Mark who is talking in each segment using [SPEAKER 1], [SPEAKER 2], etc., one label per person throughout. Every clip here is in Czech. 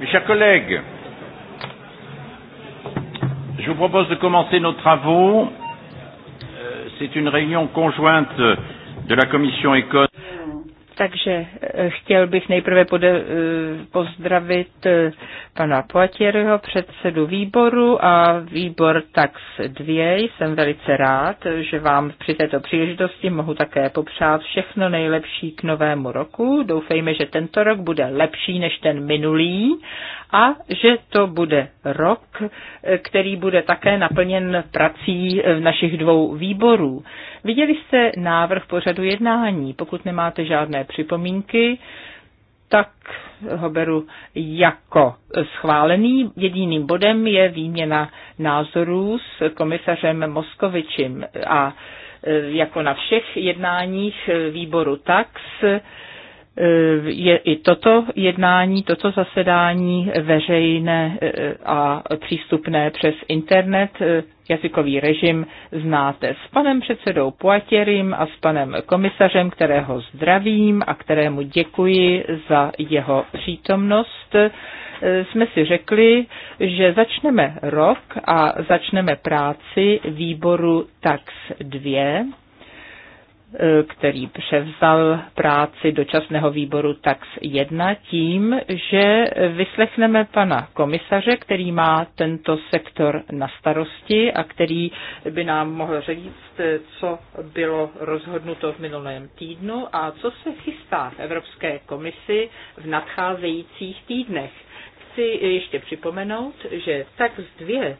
[SPEAKER 1] Mes chers collègues, je vous propose de commencer nos travaux. Euh, c'est une réunion conjointe de la commission Econ
[SPEAKER 2] takže eh, chtěl bych nejprve pode, eh, pozdravit eh, pana Poatěryho, předsedu výboru a výbor TAX 2. Jsem velice rád, že vám při této příležitosti mohu také popřát všechno nejlepší k novému roku. Doufejme, že tento rok bude lepší než ten minulý a že to bude rok, který bude také naplněn prací v našich dvou výborů. Viděli jste návrh pořadu jednání. Pokud nemáte žádné připomínky, tak ho beru jako schválený. Jediným bodem je výměna názorů s komisařem Moskovičem a e, jako na všech jednáních e, výboru TAX je i toto jednání, toto zasedání veřejné e, a přístupné přes internet. E, jazykový režim znáte s panem předsedou Poatěrym a s panem komisařem, kterého zdravím a kterému děkuji za jeho přítomnost. E, jsme si řekli, že začneme rok a začneme práci výboru TAX 2 který převzal práci dočasného výboru TAX 1 tím, že vyslechneme pana komisaře, který má tento sektor na starosti a který by nám mohl říct, co bylo rozhodnuto v minulém týdnu a co se chystá v Evropské komisi v nadcházejících týdnech. Chci ještě připomenout, že TAX 2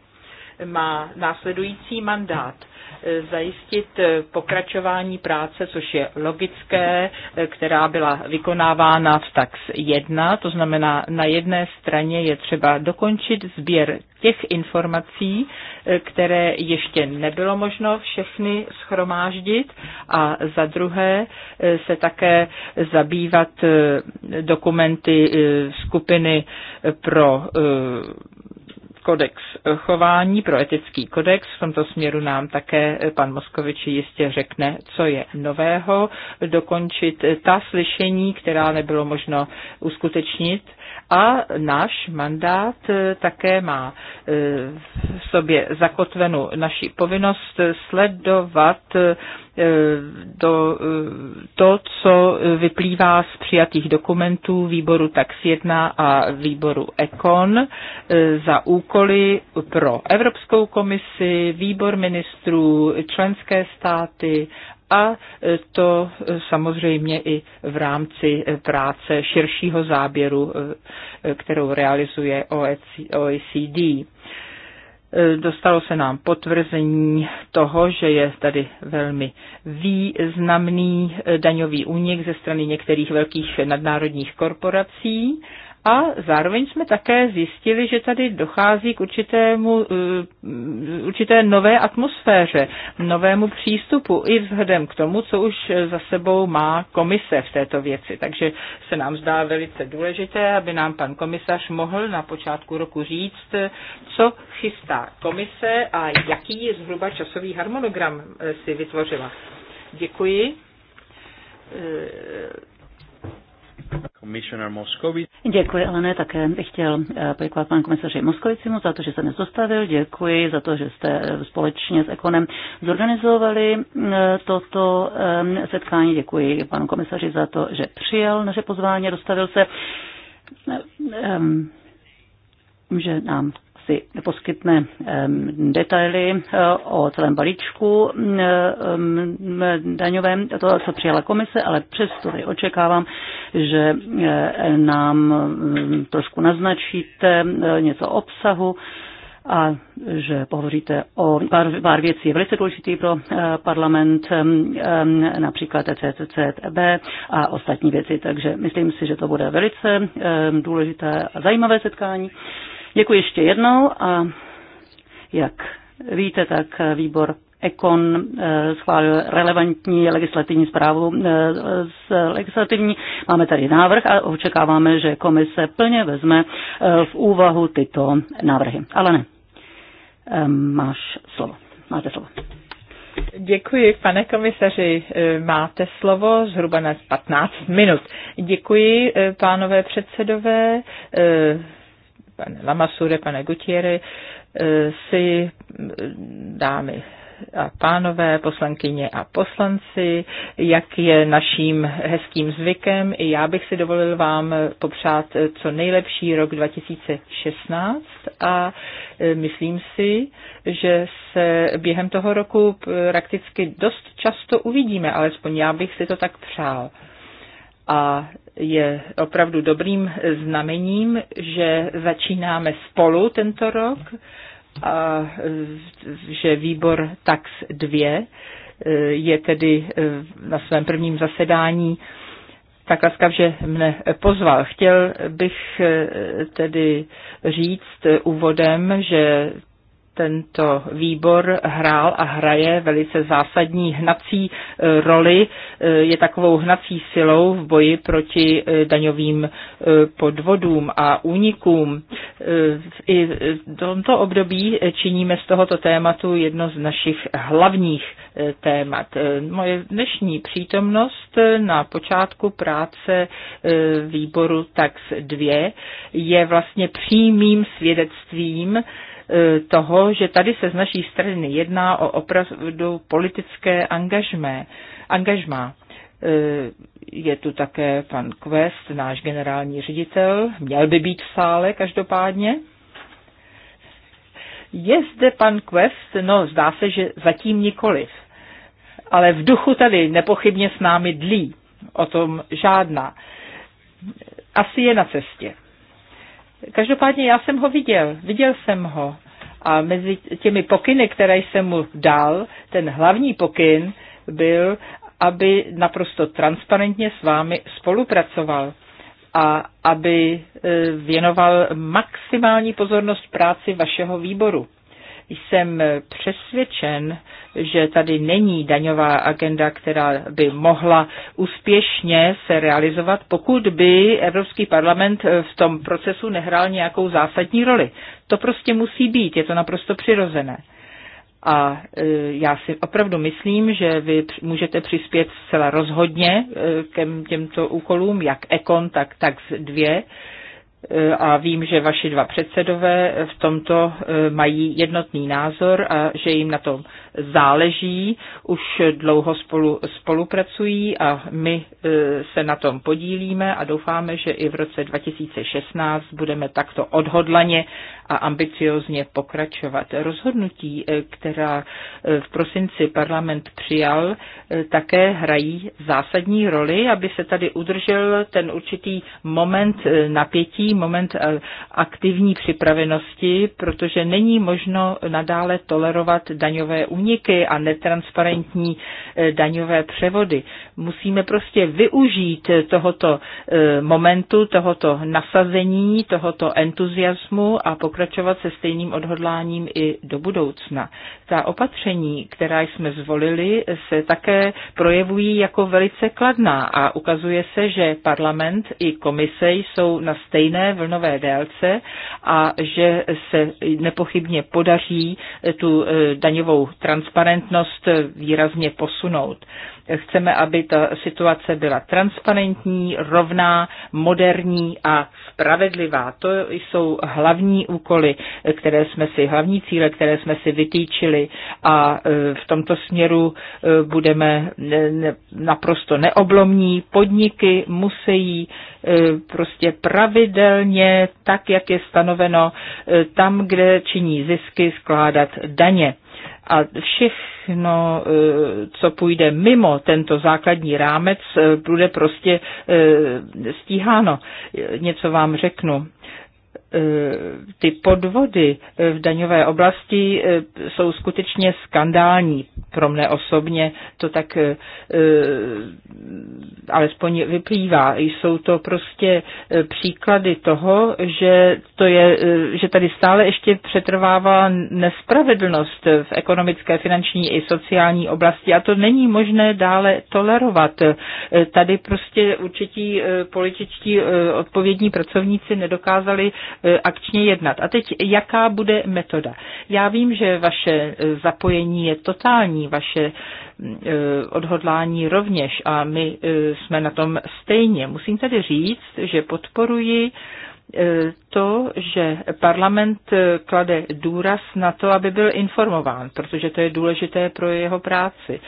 [SPEAKER 2] má následující mandát – E, zajistit e, pokračování práce, což je logické, e, která byla vykonávána v tax 1, to znamená na jedné straně je třeba dokončit sběr těch informací, které ještě nebylo možno všechny schromáždit a za druhé se také zabývat dokumenty skupiny pro kodex chování, pro etický kodex. V tomto směru nám také pan Moskovič jistě řekne, co je nového, dokončit ta slyšení, která nebylo možno uskutečnit a náš mandát eh, také má eh, v sobě zakotvenu naši povinnost sledovat eh, do, to, co vyplývá z přijatých dokumentů výboru TAX 1 a výboru ECON za úkoly pro Evropskou komisi, výbor ministrů, členské státy a to samozřejmě i v rámci práce širšího záběru, kterou realizuje OECD. Dostalo se nám potvrzení toho, že je tady velmi významný daňový únik ze strany některých velkých nadnárodních korporací a zároveň jsme také zjistili, že tady dochází k určitému, eh, určité nové atmosféře, novému přístupu i vzhledem k tomu, co už za sebou má komise v této věci. Takže se nám zdá velice důležité, aby nám pan komisař mohl na počátku roku říct, co chystá komise a jaký je zhruba časový harmonogram eh, si vytvořila. Děkuji
[SPEAKER 3] eh, Děkuji, ale ne také bych chtěl eh, poděkovat panu komisaři Moskovicimu za to, že se nezostavil. Děkuji za to, že jste eh, společně s Ekonem zorganizovali eh, toto setkání. Děkuji panu komisaři za to, že přijel naše pozvání a dostavil se, že nám si poskytne detaily eh, o celém balíčku daňovém, to, co přijala komise, ale přesto tady očekávám, že eh, nám trošku naznačíte eh, něco obsahu a že pohovoříte o pár, pár věcí je velice důležitý pro parlament, například CCCTB a ostatní věci. Takže myslím si, že to bude velice důležité a zajímavé setkání. Děkuji ještě jednou a jak víte, tak výbor Ekon eh, schválil relevantní legislativní zprávu eh, z legislativní. Máme tady návrh a očekáváme, že komise plně vezme eh, v úvahu tyto návrhy. Ale ne, máš slovo. Máte slovo.
[SPEAKER 2] Děkuji, pane komisaři. Máte slovo zhruba na 15 minut. Děkuji, pánové předsedové, pane Lamasure, pane Gutiere, eh, si dámy a pánové, poslankyně a poslanci, jak je naším hezkým zvykem, i já bych si dovolil vám popřát co nejlepší rok 2016 a eh, myslím si, že se během toho roku prakticky dost často uvidíme, alespoň já bych si to tak přál a je opravdu dobrým znamením, že začínáme spolu tento rok a že výbor TAX 2 eh, je tedy eh, na svém prvním zasedání tak laskav, že mne pozval. Chtěl bych eh, tedy říct úvodem, že tento výbor hrál a hraje velice zásadní hnací e, roli, e, je takovou hnací silou v boji proti e, daňovým podvodům a únikům. I v tomto období činíme z tohoto tématu jedno z našich hlavních témat. Moje dnešní přítomnost na počátku práce výboru TAX 2 je vlastně přímým svědectvím E, toho, že tady se z naší strany jedná o opravdu politické angažmé, angažmá. E, je tu také pan Quest, náš generální ředitel, měl by být v sále každopádně. Je zde pan Quest? No, zdá se, že zatím nikoliv. Ale v duchu tady nepochybně s námi dlí. O tom žádná. Asi je na cestě. Každopádně já jsem ho viděl, viděl jsem ho. A mezi těmi pokyny, které jsem mu dal, ten hlavní pokyn byl, aby naprosto transparentně s vámi spolupracoval a aby e, věnoval maximální pozornost práci vašeho výboru. Jsem přesvědčen, že tady není daňová agenda, která by mohla úspěšně se realizovat, pokud by Evropský parlament v tom procesu nehrál nějakou zásadní roli. To prostě musí být, je to naprosto přirozené. A e, já si opravdu myslím, že vy můžete přispět zcela rozhodně e, k těmto úkolům, jak Ekon, tak tak dvě. Eh, a vím, že vaši dva předsedové v tomto eh, mají jednotný názor a že jim na tom záleží, už dlouho spolu, spolupracují a my e, se na tom podílíme a doufáme, že i v roce 2016 budeme takto odhodlaně a ambiciozně pokračovat. Rozhodnutí, e, která e, v prosinci parlament přijal, také hrají zásadní roli, aby se tady udržel ten určitý moment napětí, moment aktivní připravenosti, protože není možno nadále tolerovat daňové úniky úniky a netransparentní eh, daňové převody. Musíme prostě využít tohoto eh, momentu, tohoto nasazení, tohoto entuziasmu a pokračovat se stejným odhodláním i do budoucna. Ta opatření, která jsme zvolili, se také projevují jako velice kladná a ukazuje se, že parlament i komise jsou na stejné vlnové délce a že se nepochybně podaří tu eh, daňovou transparentnost transparentnost výrazně posunout. Chceme, aby ta situace byla transparentní, rovná, moderní a spravedlivá. To jsou hlavní úkoly, které jsme si, hlavní cíle, které jsme si vytýčili a e, v tomto směru e, budeme naprosto neoblomní. Podniky musí e, prostě pravidelně, tak jak je stanoveno, tam, kde činí zisky, skládat daně a všechno, eh, co půjde mimo tento základní rámec, eh, bude prostě eh, stíháno. Něco vám řeknu. E, ty podvody e, v daňové oblasti e, jsou skutečně skandální. Pro mne osobně to tak alespoň vyplývá. Jsou to prostě příklady toho, že, to je, že tady stále ještě přetrvává nespravedlnost v ekonomické, finanční i sociální oblasti a to není možné dále tolerovat. Tady prostě určití političtí odpovědní pracovníci nedokázali E, akčně jednat. A teď, jaká bude metoda? Já vím, že vaše e, zapojení je totální, vaše e, odhodlání rovněž a my jsme na tom stejně. Musím tedy říct, že podporuji to, že parlament klade důraz na to, aby byl informován, protože to je důležité pro jeho práci.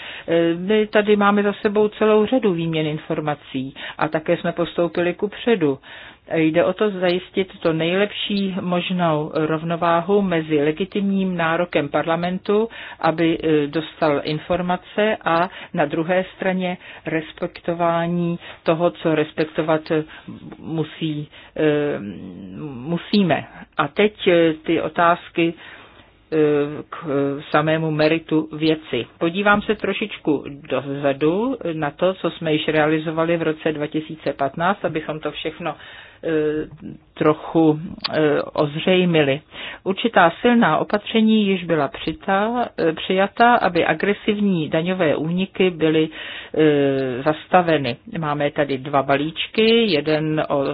[SPEAKER 2] My tady máme za sebou celou řadu výměn informací a také jsme postoupili ku předu. Jde o to zajistit to nejlepší možnou rovnováhu mezi legitimním nárokem parlamentu, aby e, dostal informace a na druhé straně respektování toho, co respektovat musí, e, musíme. A teď e, ty otázky k samému meritu věci. Podívám se trošičku dozadu na to, co jsme již realizovali v roce 2015, abychom to všechno E, trochu e, ozřejmily. Určitá silná opatření již byla přita, e, přijata, aby agresivní daňové úniky byly zastaveny. Máme tady dva balíčky, jeden o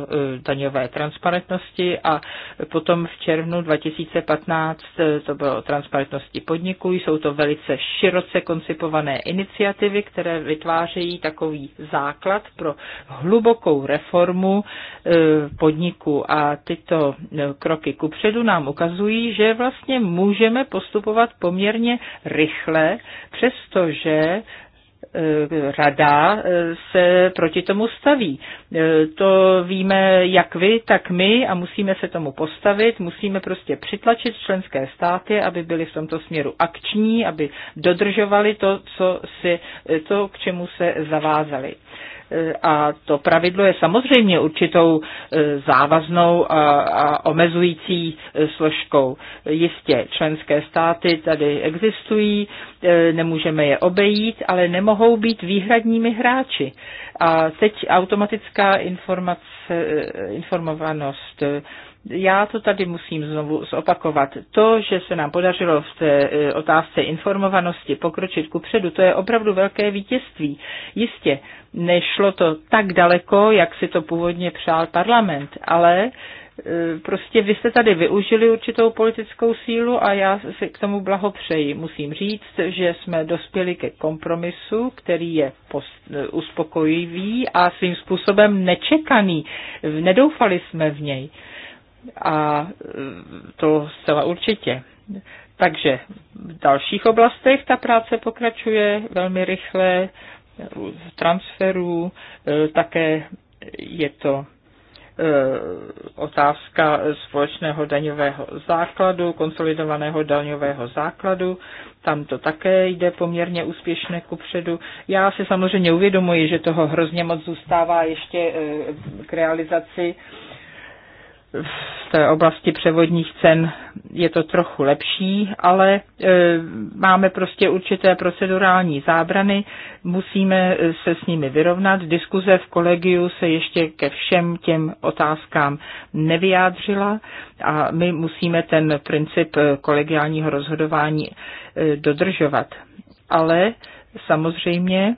[SPEAKER 2] daňové transparentnosti a potom v červnu 2015 to bylo o transparentnosti podniků. Jsou to velice široce koncipované iniciativy, které vytvářejí takový základ pro hlubokou reformu Podniku a tyto e, kroky kupředu nám ukazují, že vlastně můžeme postupovat poměrně rychle, přestože e, rada e, se proti tomu staví. To víme jak vy, tak my a musíme se tomu postavit, musíme prostě přitlačit členské státy, aby byly v tomto směru akční, aby dodržovali to, co si, to k čemu se zavázali. A to pravidlo je samozřejmě určitou e, závaznou a, a omezující e, složkou. Jistě členské státy tady existují, e, nemůžeme je obejít, ale nemohou být výhradními hráči. A teď automatická informace, informovanost já to tady musím znovu zopakovat. To, že se nám podařilo v té e, otázce informovanosti pokročit ku předu, to je opravdu velké vítězství. Jistě, nešlo to tak daleko, jak si to původně přál parlament, ale e, prostě vy jste tady využili určitou politickou sílu a já si k tomu blahopřeji. Musím říct, že jsme dospěli ke kompromisu, který je e, uspokojivý a svým způsobem nečekaný. Nedoufali jsme v něj. A e, to zcela určitě. Takže v dalších oblastech ta práce pokračuje velmi rychle, v transferu. E, také je to e, otázka společného daňového základu, konsolidovaného daňového základu. Tam to také jde poměrně úspěšně kupředu. Já si samozřejmě uvědomuji, že toho hrozně moc zůstává ještě k realizaci v té oblasti převodních cen je to trochu lepší, ale e, máme prostě určité procedurální zábrany, musíme se s nimi vyrovnat. Diskuze v kolegiu se ještě ke všem těm otázkám nevyjádřila a my musíme ten princip e, kolegiálního rozhodování e, dodržovat. Ale samozřejmě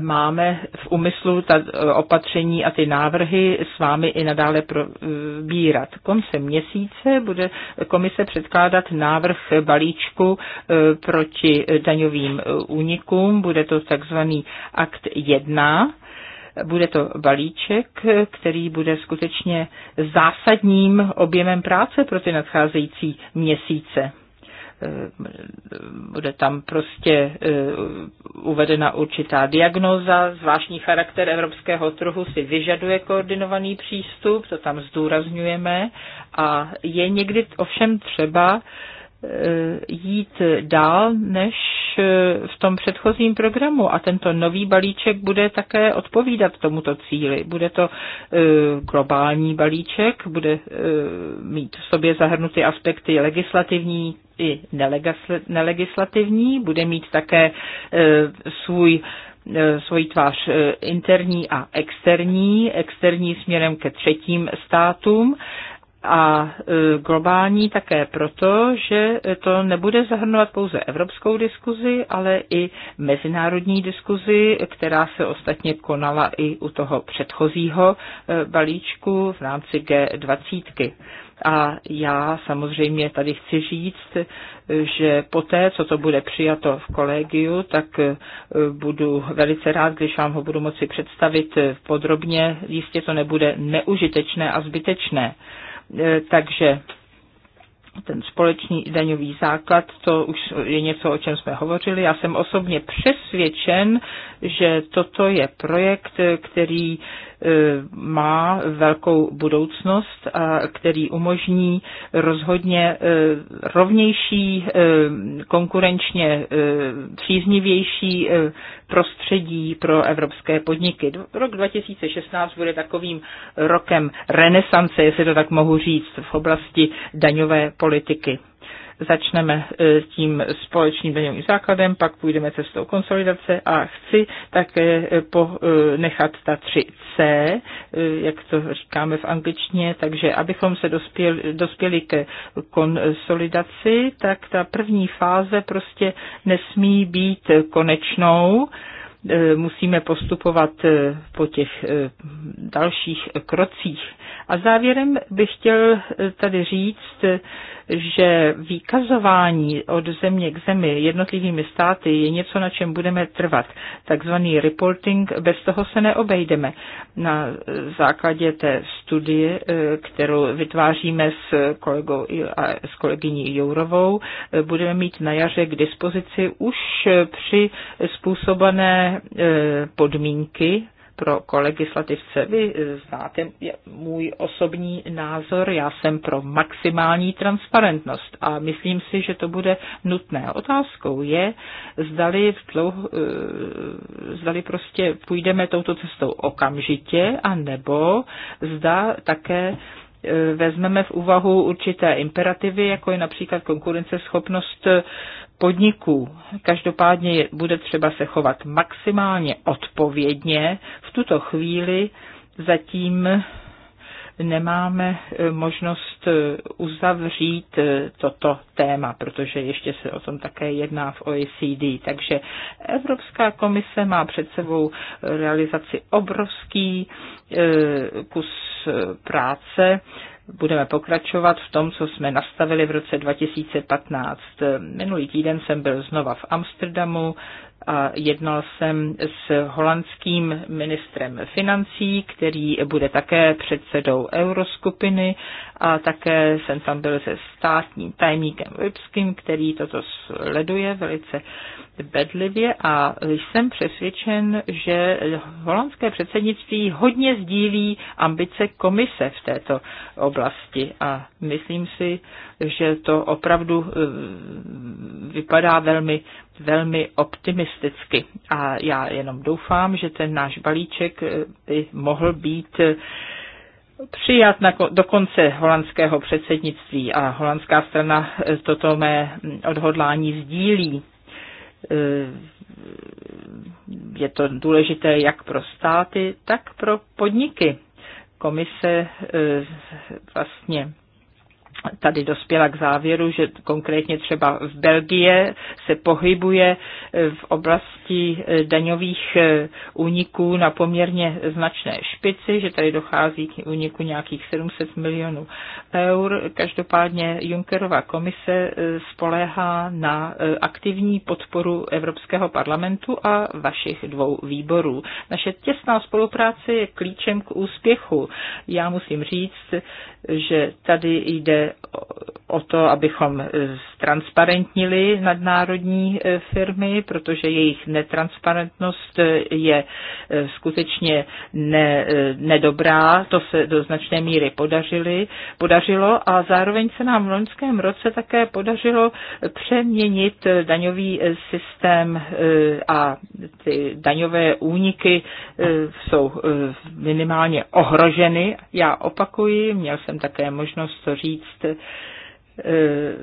[SPEAKER 2] máme v úmyslu ta eh, opatření a ty návrhy s vámi i nadále probírat. Koncem měsíce bude komise předkládat návrh balíčku eh, proti daňovým eh, únikům. Bude to takzvaný akt 1 bude to balíček, který bude skutečně zásadním objemem práce pro ty nadcházející měsíce. Eh, bude tam prostě eh, uvedena určitá diagnóza, zvláštní charakter evropského trhu si vyžaduje koordinovaný přístup, to tam zdůrazňujeme a je někdy ovšem třeba jít dál než e, v tom předchozím programu a tento nový balíček bude také odpovídat tomuto cíli. Bude to e, globální balíček, bude e, mít v sobě zahrnuty aspekty legislativní i nelegislativní, bude mít také svůj svoji tvář interní a externí, externí směrem ke třetím státům a e, globální také proto, že to nebude zahrnovat pouze evropskou diskuzi, ale i mezinárodní diskuzi, která se ostatně konala i u toho předchozího e, balíčku v rámci G20. A já samozřejmě tady chci říct, e, že poté, co to bude přijato v kolegiu, tak budu velice rád, když vám ho budu moci představit podrobně. Jistě to nebude neužitečné a zbytečné. E, takže ten společný daňový základ, to už je něco, o čem jsme hovořili. Já jsem osobně přesvědčen, že toto je projekt, který E, má velkou budoucnost a který umožní rozhodně e, rovnější, e, konkurenčně příznivější prostředí pro evropské podniky. Rok 2016 bude takovým rokem renesance, jestli to tak mohu říct, v oblasti daňové politiky. Začneme eh, tím společným daňovým základem, pak půjdeme cestou konsolidace a chci také eh, eh, nechat ta 3C, jak to říkáme v angličtině, takže abychom se dospěli, dospěli ke konsolidaci, tak ta první fáze prostě nesmí být konečnou, E, musíme postupovat e, po těch e, dalších krocích. A závěrem bych chtěl tady říct, že výkazování od země k zemi jednotlivými státy je něco, na čem budeme trvat. Takzvaný reporting, bez toho se neobejdeme. Na základě té studie, kterou vytváříme s, kolegou, s kolegyní Jourovou, budeme mít na jaře k dispozici už při způsobené E, podmínky pro kolegislativce. Vy e, znáte můj osobní názor, já jsem pro maximální transparentnost a myslím si, že to bude nutné. Otázkou je, zdali, v dlouho, e, zdali prostě půjdeme touto cestou okamžitě, a nebo zda také vezmeme v úvahu určité imperativy, jako je například konkurenceschopnost podniků. Každopádně bude třeba se chovat maximálně odpovědně. V tuto chvíli zatím nemáme e, možnost e, uzavřít e, toto téma, protože ještě se o tom také jedná v OECD. Takže Evropská komise má před sebou realizaci obrovský kus práce budeme pokračovat v tom, co jsme nastavili v roce 2015. Minulý týden jsem byl znova v Amsterdamu a jednal jsem s holandským ministrem financí, který bude také předsedou euroskupiny a také jsem tam byl se státním tajemníkem Lipským, který toto sleduje velice bedlivě a jsem přesvědčen, že holandské předsednictví hodně sdílí ambice komise v této oblasti a myslím si, že to opravdu eh, vypadá velmi, velmi optimisticky. A já jenom doufám, že ten náš balíček eh, by mohl být eh, přijat na, do konce holandského předsednictví a holandská strana eh, toto mé hm, odhodlání sdílí. Eh, je to důležité jak pro státy, tak pro podniky. Komise eh, vlastně tady dospěla k závěru, že konkrétně třeba v Belgie se pohybuje e, v oblasti e, daňových e, úniků na poměrně značné špici, že tady dochází k úniku nějakých 700 milionů eur. Každopádně Junckerova komise spoléhá na aktivní podporu Evropského parlamentu a vašich dvou výborů. Naše těsná spolupráce je klíčem k úspěchu. Já musím říct, že tady jde o to, abychom transparentnili nadnárodní e, firmy, protože jejich netransparentnost e, je e, skutečně ne, nedobrá, to se do značné míry podařili, podařilo a zároveň se nám v loňském roce také podařilo přeměnit daňový systém a ty daňové úniky jsou minimálně ohroženy. Já opakuji, měl jsem také možnost to říct reste Eh,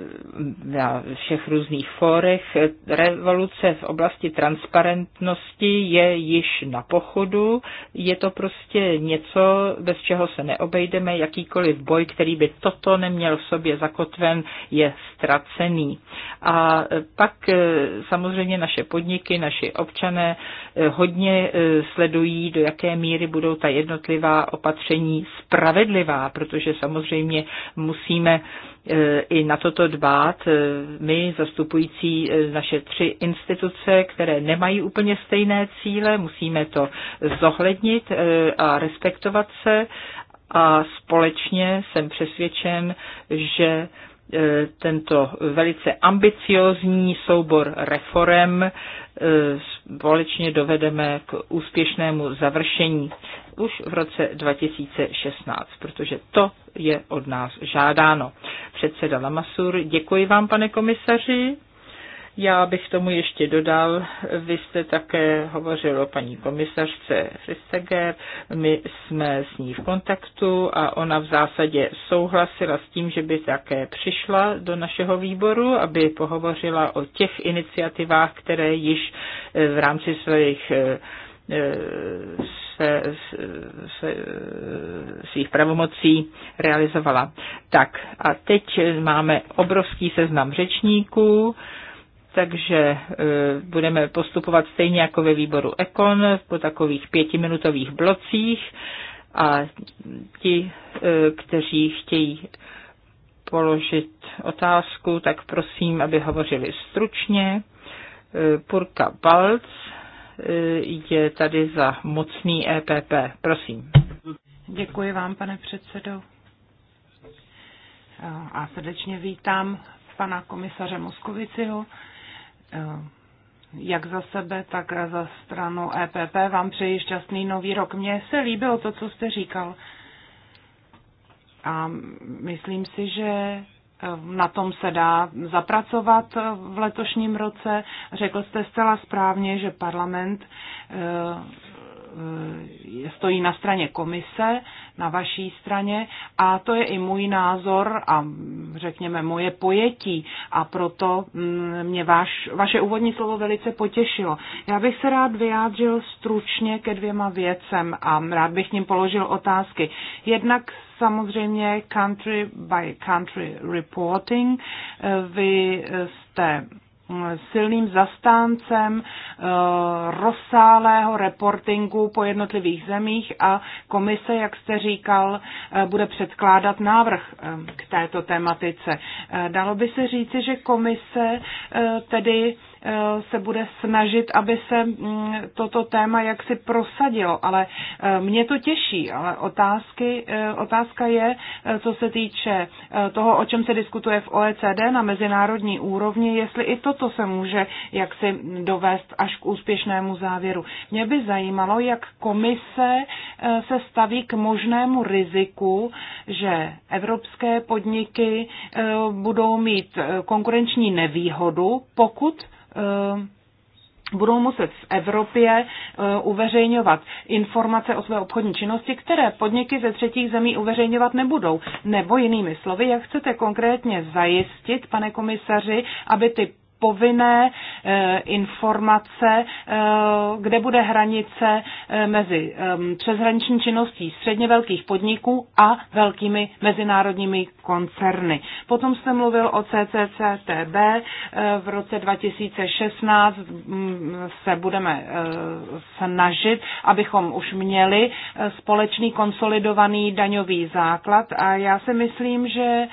[SPEAKER 2] na všech různých fórech. Revoluce v oblasti transparentnosti je již na pochodu. Je to prostě něco, bez čeho se neobejdeme. Jakýkoliv boj, který by toto neměl v sobě zakotven, je ztracený. A pak eh, samozřejmě naše podniky, naši občané eh, hodně sledují, do jaké míry budou ta jednotlivá opatření spravedlivá, protože samozřejmě musíme E, i na toto dbát. E, my, zastupující e, naše tři instituce, které nemají úplně stejné cíle, musíme to zohlednit a respektovat se a společně jsem přesvědčen, že tento velice ambiciozní soubor reform společně dovedeme k úspěšnému završení už v roce 2016, protože to je od nás žádáno. Předseda Lamasur, děkuji vám, pane komisaři. Já bych tomu ještě dodal, vy jste také hovořil o paní komisařce Fristeger, my jsme s ní v kontaktu a ona v zásadě souhlasila s tím, že by také přišla do našeho výboru, aby pohovořila o těch iniciativách, které již v rámci svých eh, se, se, svých pravomocí realizovala. Tak a teď máme obrovský seznam řečníků, takže e, budeme postupovat stejně jako ve výboru Ekon po takových pětiminutových blocích a ti, e, kteří chtějí položit otázku, tak prosím, aby hovořili stručně. E, Purka Balc, Eh, je tady za mocný EPP.
[SPEAKER 1] Prosím. Děkuji vám, pane předsedo. Eh, a srdečně vítám pana komisaře Moskoviciho. Eh, jak za sebe, tak za stranu EPP vám přeji šťastný nový rok. Mně se líbilo to, co jste říkal. A myslím si, že na tom se dá zapracovat v letošním roce. Řekl jste zcela správně, že parlament eh, eh, stojí na straně komise, na vaší straně a to je i můj názor a řekněme moje pojetí a proto mm, mě váš, vaše úvodní slovo velice potěšilo. Já bych se rád vyjádřil stručně ke dvěma věcem a rád bych ním položil otázky. Jednak samozřejmě country by country reporting. Vy jste silným zastáncem eh, rozsáhlého reportingu po jednotlivých zemích a komise, jak jste říkal, eh, bude předkládat návrh eh, k této tematice. Dalo by se říci, že komise tedy se bude snažit, aby se mm, toto téma jaksi prosadilo. Ale e, mě to těší, ale otázky, e, otázka je, e, co se týče toho, o čem se diskutuje v OECD na mezinárodní úrovni, jestli i toto se může jaksi dovést až k úspěšnému závěru. Mě by zajímalo, jak komise se staví k možnému riziku, že evropské podniky budou mít konkurenční nevýhodu, pokud Eh, budou muset v Evropě eh, uveřejňovat informace o své obchodní činnosti, které podniky ze třetích zemí uveřejňovat nebudou. Nebo jinými slovy, jak chcete konkrétně zajistit, pane komisaři, aby ty povinné eh, informace, eh, kde bude hranice eh, mezi přeshraniční činností středně velkých podniků a velkými mezinárodními koncerny. Potom jste mluvil o CCCTB. V roce 2016 mm, se budeme snažit, abychom už měli společný konsolidovaný daňový základ a já si myslím, že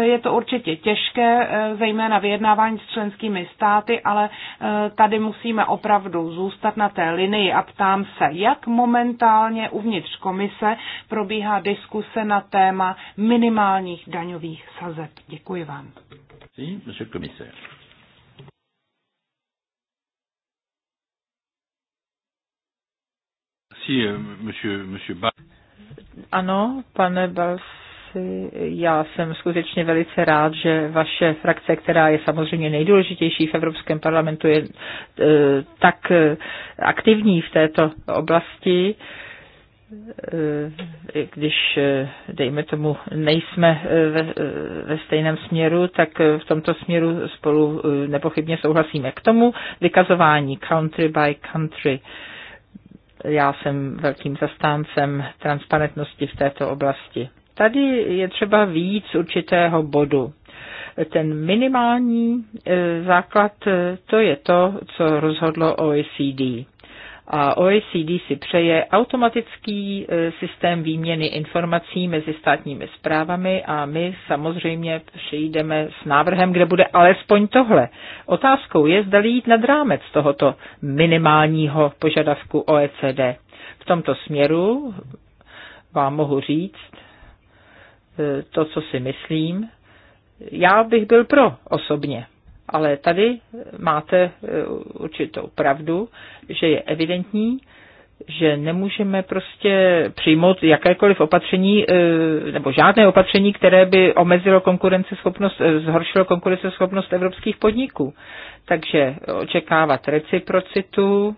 [SPEAKER 1] je to určitě těžké, zejména vyjednávání s členskými jinými státy, ale eh, tady musíme opravdu zůstat na té linii a ptám se, jak momentálně uvnitř komise probíhá diskuse na téma minimálních daňových sazeb. Děkuji vám.
[SPEAKER 2] Euh, ano, pane Balf práci. Já jsem skutečně velice rád, že vaše frakce, která je samozřejmě nejdůležitější v Evropském parlamentu, je e, tak e, aktivní v této oblasti e, když, dejme tomu, nejsme ve, ve stejném směru, tak v tomto směru spolu nepochybně souhlasíme. K tomu vykazování country by country. Já jsem velkým zastáncem transparentnosti v této oblasti. Tady je třeba víc určitého bodu. Ten minimální e, základ, e, to je to, co rozhodlo OECD a OECD si přeje automatický e, systém výměny informací mezi státními zprávami a my samozřejmě přijdeme s návrhem, kde bude alespoň tohle. Otázkou je, zda jít nad rámec tohoto minimálního požadavku OECD. V tomto směru vám mohu říct, E, to, co si myslím. Já bych byl pro osobně, ale tady máte e, určitou pravdu, že je evidentní, že nemůžeme prostě přijmout jakékoliv opatření e, nebo žádné opatření, které by omezilo konkurenceschopnost, zhoršilo konkurenceschopnost evropských podniků. Takže očekávat reciprocitu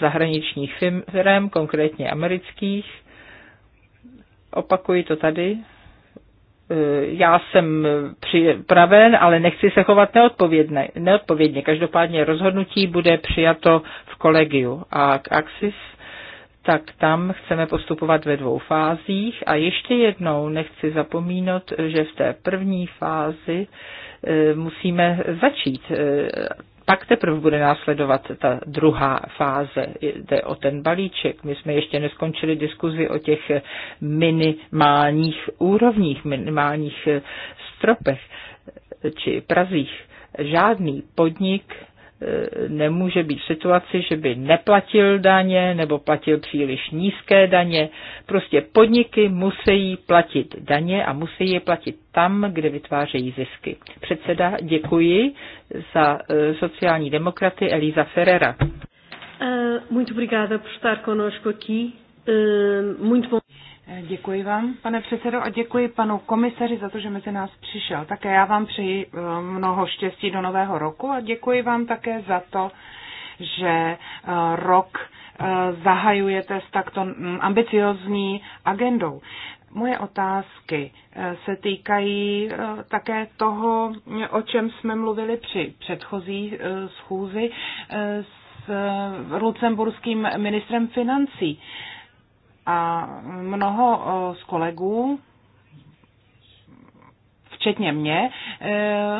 [SPEAKER 2] zahraničních firm, konkrétně amerických, Opakuji to tady. E, já jsem připraven, ale nechci se chovat neodpovědně. neodpovědně. Každopádně rozhodnutí bude přijato v kolegiu a k Axis tak tam chceme postupovat ve dvou fázích. A ještě jednou nechci zapomínat, že v té první fázi e, musíme začít. E, pak teprve bude následovat ta druhá fáze, jde o ten balíček. My jsme ještě neskončili diskuzi o těch minimálních úrovních, minimálních stropech či prazích. Žádný podnik nemůže být v situaci, že by neplatil daně nebo platil příliš nízké daně. Prostě podniky musí platit daně a musí je platit tam, kde vytvářejí zisky. Předseda, děkuji za eh, sociální demokraty Elisa Ferrera.
[SPEAKER 1] Uh, muito obrigada por estar conosco aqui. Uh, muito bom. Děkuji vám, pane předsedo, a děkuji panu komisaři za to, že mezi nás přišel. Také já vám přeji eh, mnoho štěstí do nového roku a děkuji vám také za to, že eh, rok eh, zahajujete s takto mm, ambiciozní agendou. Moje otázky se týkají také toho, o čem jsme mluvili při předchozí schůzi s lucemburským ministrem financí a mnoho z kolegů včetně mě, eh,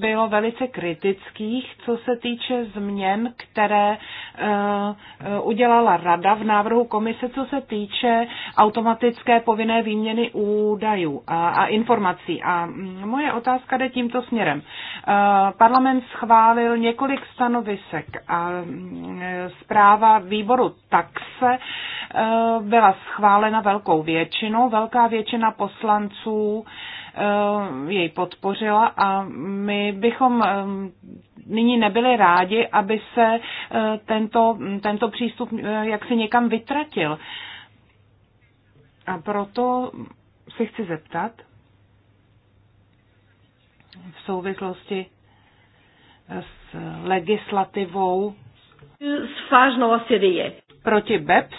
[SPEAKER 1] bylo velice kritických, co se týče změn, které eh, eh, udělala rada v návrhu komise, co se týče automatické povinné výměny údajů a informací. A mm, moje otázka jde tímto směrem. Parlament schválil několik stanovisek a mm, zpráva výboru taxe byla schválena velkou většinou. Velká většina poslanců Eh, jej podpořila a my bychom eh, nyní nebyli rádi, aby se eh, tento, tento přístup jaksi někam vytratil. A proto se chci zeptat v souvislosti s legislativou e. proti BEPS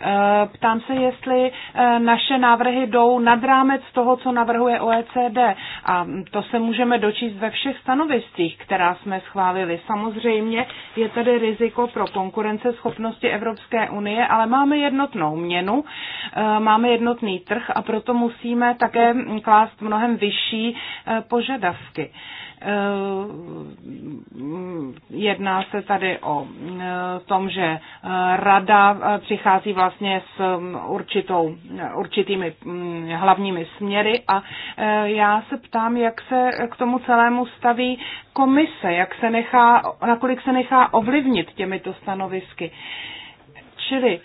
[SPEAKER 1] Eh, ptám se, jestli eh, naše návrhy jdou nad rámec toho, co navrhuje OECD. A to se můžeme dočíst ve všech stanoviscích, která jsme schválili. Samozřejmě je tady riziko pro konkurenceschopnosti Evropské unie, ale máme jednotnou měnu, eh, máme jednotný trh a proto musíme také klást mnohem vyšší požadavky. Eh, jedná se tady o eh, tom, že eh, rada přichází vlastně s mm, určitou, určitými mm, hlavními směry a já se ptám, jak se k tomu celému staví komise, jak se nechá, nakolik se nechá ovlivnit těmito stanovisky. Čili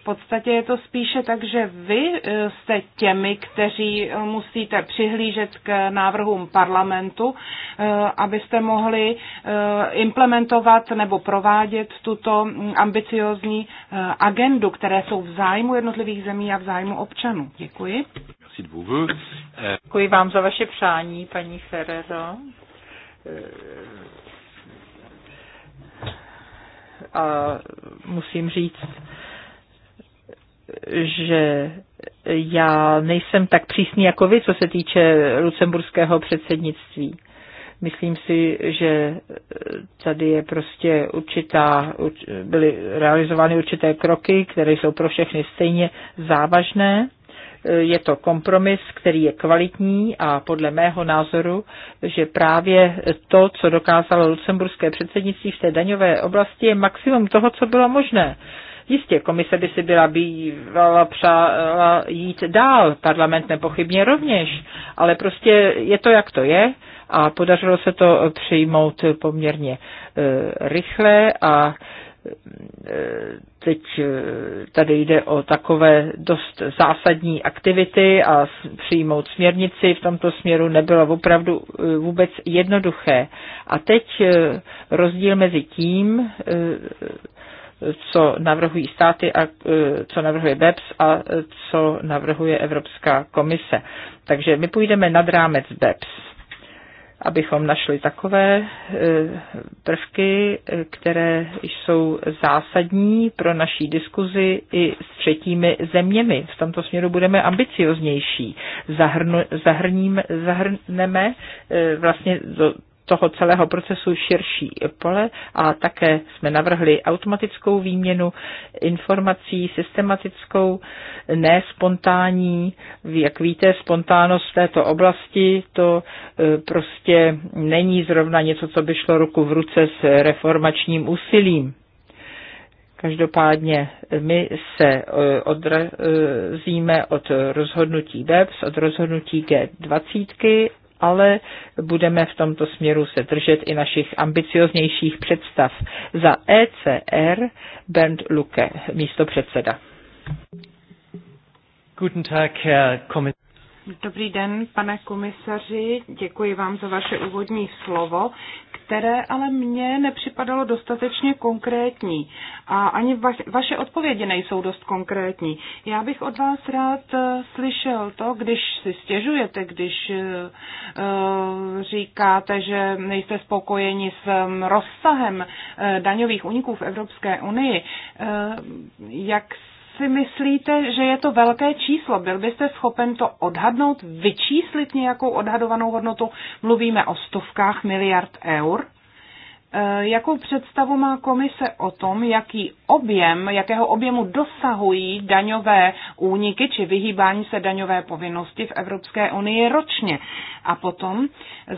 [SPEAKER 1] v podstatě je to spíše tak, že vy eh, jste těmi, kteří eh, musíte přihlížet k návrhům parlamentu, eh, abyste mohli implementovat nebo provádět tuto mm, ambiciozní agendu, které jsou v zájmu jednotlivých zemí a v zájmu občanů. Děkuji. Děkuji vám za vaše přání, paní Ferrero
[SPEAKER 2] a musím říct, že já nejsem tak přísný jako vy, co se týče lucemburského předsednictví. Myslím si, že tady je prostě určitá, byly realizovány určité kroky, které jsou pro všechny stejně závažné. Je to kompromis, který je kvalitní a podle mého názoru, že právě to, co dokázalo lucemburské předsednictví v té daňové oblasti, je maximum toho, co bylo možné. Jistě, komise by si byla bývala přála jít dál, parlament nepochybně rovněž, ale prostě je to, jak to je a podařilo se to přijmout poměrně e, rychle a e, teď e, tady jde o takové dost zásadní aktivity a přijmout směrnici v tomto směru nebylo opravdu vůbec jednoduché. A teď rozdíl mezi tím, co navrhují státy a e, co navrhuje BEPS a e, co navrhuje Evropská komise. Takže my půjdeme nad rámec BEPS, abychom našli takové e, prvky, které jsou zásadní pro naší diskuzi i s třetími zeměmi. V tomto směru budeme ambicioznější. Zahrnu, zahrním, zahrneme vlastně do toho celého procesu širší pole a také jsme navrhli automatickou výměnu informací, systematickou, spontánní. Jak víte, spontánnost v této oblasti to e, prostě není zrovna něco, co by šlo ruku v ruce s reformačním úsilím. Každopádně my se e, odrazíme od rozhodnutí BEPS, od rozhodnutí G20 ale budeme v tomto směru se držet i našich ambicioznějších představ. Za ECR Bernd Luke, místo předseda. Guten Tag, Herr Kommissar.
[SPEAKER 1] Dobrý den, pane komisaři, děkuji vám za vaše úvodní slovo, které ale mně nepřipadalo dostatečně konkrétní a ani vaše odpovědi nejsou dost konkrétní. Já bych od vás rád eh, slyšel to, když si stěžujete, když eh, eh, říkáte, že nejste spokojeni s rozsahem daňových uniků v Evropské unii, jak si myslíte, že je to velké číslo? Byl byste schopen to odhadnout, vyčíslit nějakou odhadovanou hodnotu? Mluvíme o stovkách miliard eur. E, jakou představu má komise o tom, jaký objem, jakého objemu dosahují daňové úniky či vyhýbání se daňové povinnosti v Evropské unii ročně? A potom,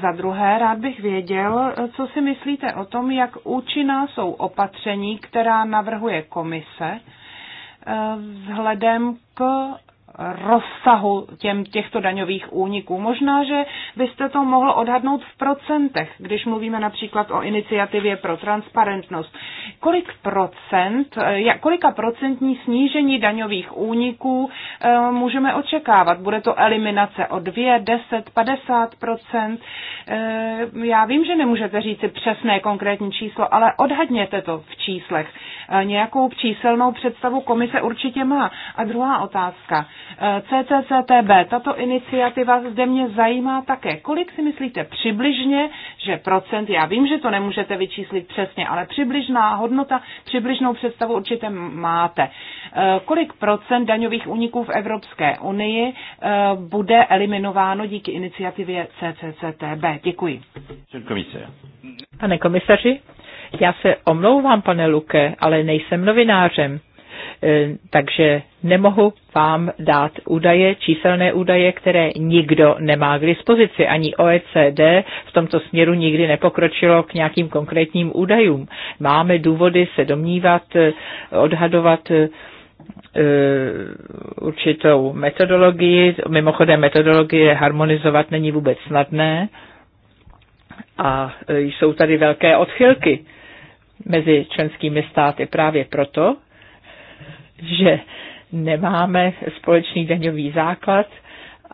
[SPEAKER 1] za druhé, rád bych věděl, e, co si myslíte o tom, jak účinná jsou opatření, která navrhuje komise vzhledem k rozsahu těm, těchto daňových úniků. Možná, že byste to mohl odhadnout v procentech, když mluvíme například o iniciativě pro transparentnost. Kolik procent, eh, kolika procentní snížení daňových úniků eh, můžeme očekávat? Bude to eliminace o 2, 10, 50 procent? Eh, já vím, že nemůžete říci přesné konkrétní číslo, ale odhadněte to v číslech. Nějakou číselnou představu komise určitě má. A druhá otázka. CCCTB, tato iniciativa zde mě zajímá také. Kolik si myslíte přibližně, že procent, já vím, že to nemůžete vyčíslit přesně, ale přibližná hodnota, přibližnou představu určitě máte. Eh, kolik procent daňových úniků v Evropské unii eh, bude eliminováno díky iniciativě CCCTB? Děkuji.
[SPEAKER 2] Pane komisaři, já se omlouvám, pane Luke, ale nejsem novinářem. Eh, takže nemohu vám dát údaje, číselné údaje, které nikdo nemá k dispozici. Ani OECD v tomto směru nikdy nepokročilo k nějakým konkrétním údajům. Máme důvody se domnívat, eh, odhadovat eh, určitou metodologii. Mimochodem, metodologie harmonizovat není vůbec snadné a jsou tady velké odchylky mezi členskými státy právě proto, že nemáme společný daňový základ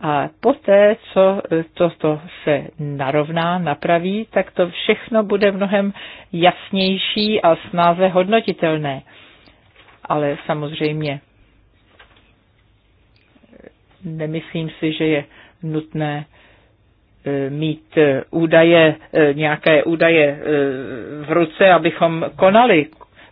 [SPEAKER 2] a poté, co toto se narovná, napraví, tak to všechno bude mnohem jasnější a snáze hodnotitelné. Ale samozřejmě nemyslím si, že je nutné e, mít e, údaje, e, nějaké údaje v ruce, abychom konali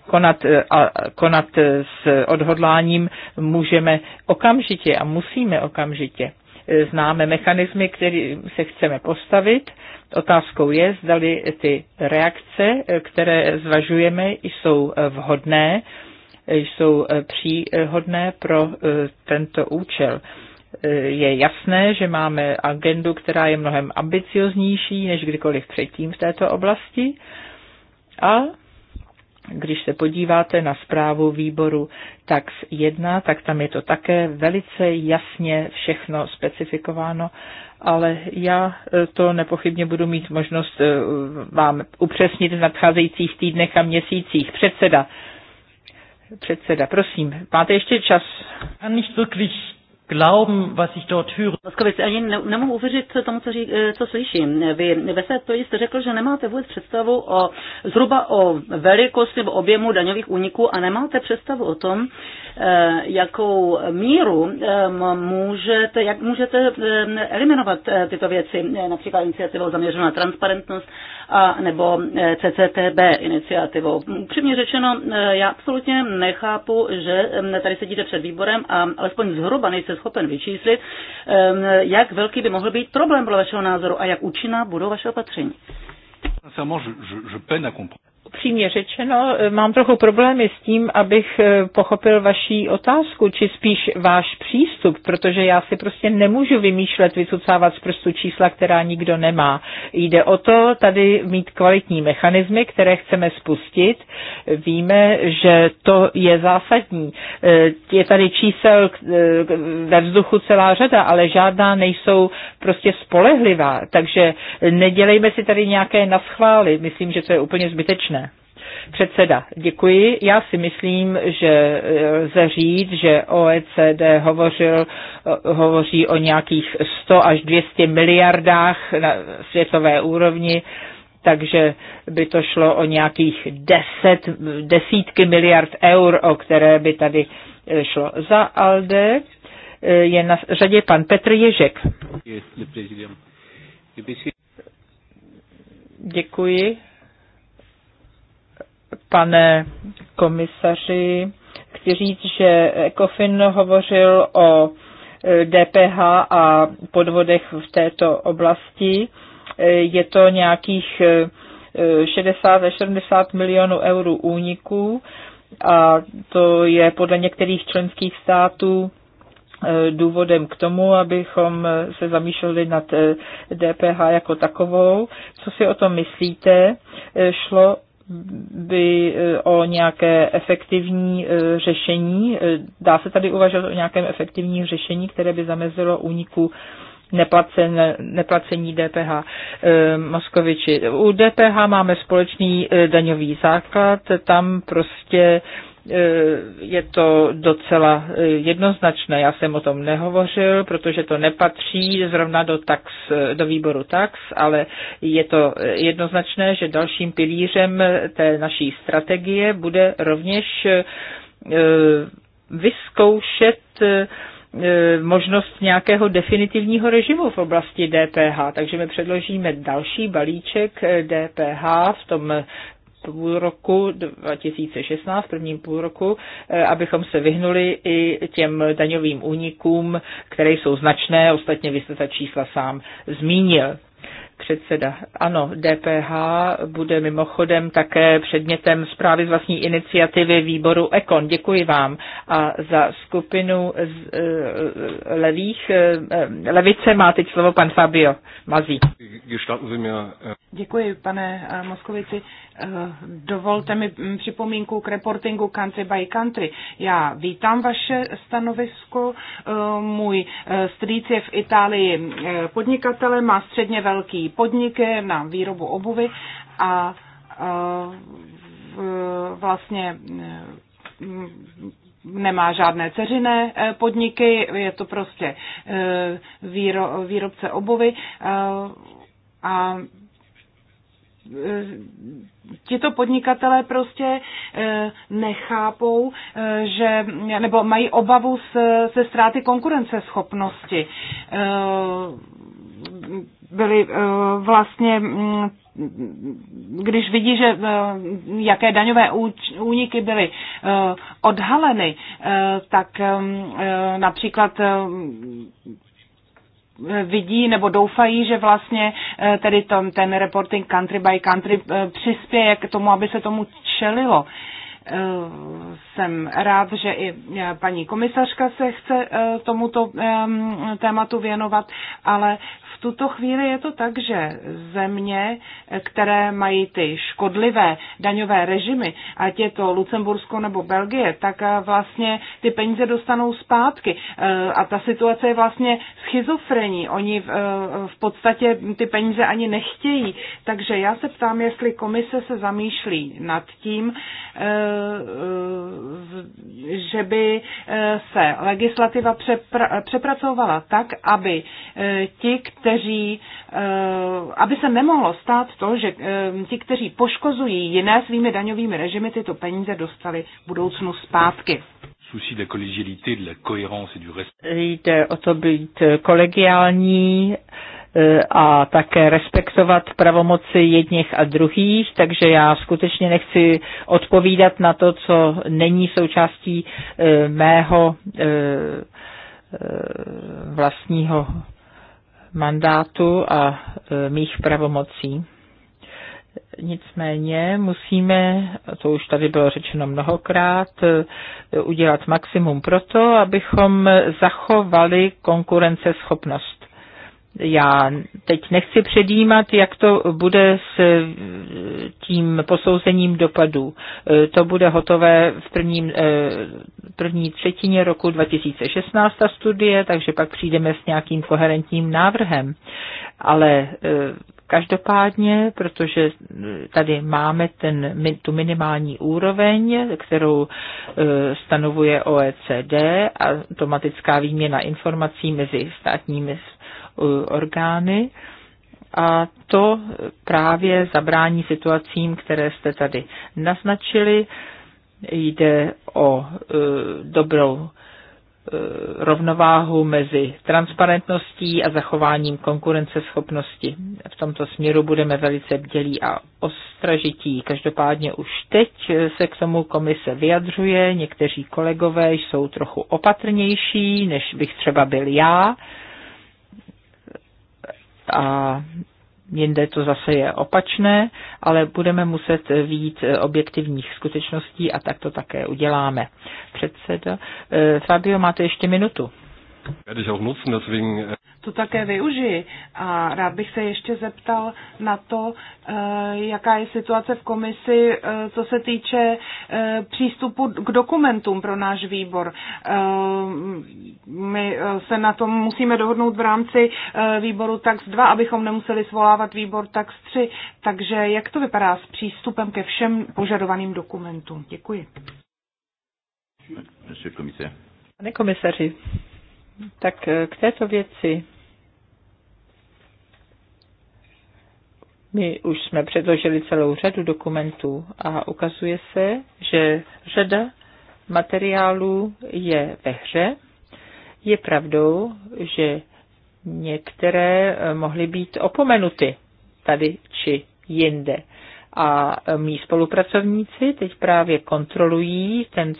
[SPEAKER 2] konat, eh, a konat eh, s odhodláním můžeme okamžitě a musíme okamžitě. Eh, známe mechanismy, které se chceme postavit. Otázkou je, zdali ty reakce, které zvažujeme, jsou vhodné, jsou příhodné pro tento účel je jasné, že máme agendu, která je mnohem ambicioznější než kdykoliv předtím v této oblasti a když se podíváte na zprávu výboru TAX 1, tak tam je to také velice jasně všechno specifikováno, ale já e, to nepochybně budu mít možnost e, vám upřesnit v nadcházejících týdnech a měsících. Předseda, předseda, prosím, máte ještě čas? A glauben, was ich dort höre. Moskovic, ani nemohu
[SPEAKER 3] uvěřit tomu, co, řík, eh, co slyším. Vy ve své odpovědi jste řekl, že nemáte vůbec představu o zhruba o velikosti nebo objemu daňových úniků a nemáte představu o tom, eh, jakou míru eh, můžete, jak můžete eliminovat tyto věci, například iniciativou zaměřenou na transparentnost a nebo e, CCTB iniciativou. Upřímně řečeno, e, já absolutně nechápu, že e, tady sedíte před výborem a alespoň zhruba nejste schopen vyčíslit, jak velký by mohl být problém pro vašeho názoru a jak účinná budou vaše opatření.
[SPEAKER 2] Sincèrement, je, je, je peine à comprendre upřímně řečeno, eh, mám trochu problémy s tím, abych eh, pochopil vaší otázku, či spíš váš přístup, protože já si prostě nemůžu vymýšlet, vycucávat z prstu čísla, která nikdo nemá. Jde o to tady mít kvalitní mechanismy, které chceme spustit. Víme, že to je zásadní. Eh, je tady čísel ve vzduchu celá řada, ale žádná nejsou prostě spolehlivá, takže nedělejme si tady nějaké naschvály. Myslím, že to je úplně zbytečné. Předseda, děkuji. Já si myslím, že eh, lze říct, že OECD hovořil, eh, hovoří o nějakých 100 až 200 miliardách na světové úrovni takže by to šlo o nějakých deset, desítky miliard eur, o které by tady eh, šlo. Za ALDE je na řadě pan Petr Ježek. Děkuji pane komisaři, chci říct, že Ecofin hovořil o e, DPH a podvodech v této oblasti. E, je to nějakých 60 e, až 70 milionů eur úniků a to je podle některých členských států důvodem k tomu, abychom se zamýšleli nad DPH jako takovou. Co si o tom myslíte? Šlo by e, o nějaké efektivní e, řešení. E, dá se tady uvažovat o nějakém efektivním řešení, které by zamezilo úniku neplacení DPH Moskoviči. U DPH máme společný daňový základ, tam prostě E, je to docela e, jednoznačné. Já jsem o tom nehovořil, protože to nepatří zrovna do, tax, e, do výboru tax, ale je to jednoznačné, že dalším pilířem té naší strategie bude rovněž vyzkoušet možnost nějakého definitivního režimu v oblasti DPH. Takže my předložíme další balíček DPH v tom půl roku 2016, prvním půl roku, eh, abychom se vyhnuli i těm daňovým únikům, které jsou značné, ostatně vy jste ta čísla sám zmínil. Předseda. Ano, DPH bude mimochodem také předmětem zprávy z vlastní iniciativy výboru Ekon. Děkuji vám. A za skupinu z, eh, levých, eh, levice má teď slovo pan Fabio Mazí.
[SPEAKER 1] Děkuji, pane eh, Moskovici. Dovolte mi mm, připomínku k reportingu country by country. Já vítám vaše stanovisko. Můj strýc je v Itálii podnikatelem, má středně velký podniky na výrobu obuvy a vlastně e, nemá žádné ceřiné e, podniky, je to prostě e, výro, výrobce obuvy a tito podnikatelé prostě nechápou, že, nebo mají obavu se ztráty konkurenceschopnosti byli eh, vlastně, mm, když vidí, že eh, jaké daňové úniky byly eh, odhaleny, tak mm, například vidí nebo doufají, že vlastně tedy ten, ten reporting country by country přispěje k tomu, aby se tomu čelilo jsem rád, že i paní komisařka se chce tomuto tématu věnovat, ale tuto chvíli je to tak, že země, které mají ty škodlivé daňové režimy, ať je to Lucembursko nebo Belgie, tak eh, vlastně ty peníze dostanou zpátky. Eh, a ta situace je vlastně schizofrení. Oni eh, v podstatě ty peníze ani nechtějí. Takže já se ptám, jestli komise se zamýšlí nad tím, že by se legislativa přepracovala tak, aby ti, kteří kteří, eh, aby se nemohlo stát to, že eh, ti, kteří poškozují jiné svými daňovými režimy, tyto peníze dostali v budoucnu zpátky.
[SPEAKER 2] Jde o to být kolegiální eh, a také respektovat pravomoci jedních a druhých, takže já skutečně nechci odpovídat na to, co není součástí mého vlastního mandátu a e, mých pravomocí. Nicméně musíme, to už tady bylo řečeno mnohokrát, e, udělat maximum pro to, abychom zachovali konkurenceschopnost. Já teď nechci předjímat, jak to bude s eh, tím posouzením dopadů. Eh, to bude hotové v prvním, eh, první třetině roku 2016 ta studie, takže pak přijdeme s nějakým koherentním návrhem. Ale Každopádně, protože tady máme ten, tu minimální úroveň, kterou stanovuje OECD, automatická výměna informací mezi státními E, orgány a to právě zabrání situacím, které jste tady naznačili. Jde o e, dobrou e, rovnováhu mezi transparentností a zachováním konkurenceschopnosti. V tomto směru budeme velice bdělí a ostražití. Každopádně už teď se k tomu komise vyjadřuje, někteří kolegové jsou trochu opatrnější, než bych třeba byl já a jinde to zase je opačné, ale budeme muset vít eh, objektivních skutečností a tak to také uděláme. Předseda, eh, Fabio, máte ještě minutu.
[SPEAKER 1] Äh, to také využiji a rád bych se ještě zeptal na to, eh, jaká je situace v komisi, eh, co se týče eh, přístupu k dokumentům pro náš výbor. My se na tom musíme dohodnout v rámci výboru tax 2, abychom nemuseli svolávat výbor tax 3. Takže jak to vypadá s přístupem ke všem požadovaným dokumentům? Děkuji.
[SPEAKER 2] Pane komisaři. Tak eh, k této věci My už jsme předložili celou řadu dokumentů a ukazuje se, že řada materiálů je ve hře. Je pravdou, že některé eh, mohly být opomenuty tady či jinde. A e, mý spolupracovníci teď právě kontrolují ten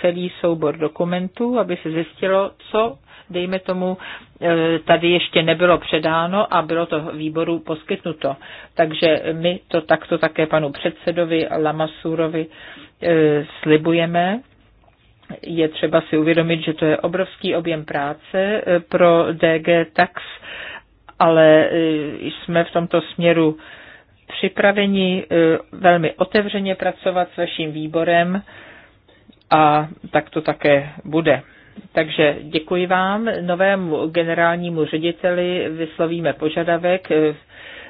[SPEAKER 2] celý soubor dokumentů, aby se zjistilo, co, dejme tomu, e, tady ještě nebylo předáno a bylo to výboru poskytnuto. Takže my to takto také panu předsedovi Lamasurovi e, slibujeme je třeba si uvědomit, že to je obrovský objem práce pro DG Tax, ale jsme v tomto směru připraveni eh, velmi otevřeně pracovat s vaším výborem a tak to také bude. Takže děkuji vám. Novému generálnímu řediteli vyslovíme požadavek, eh,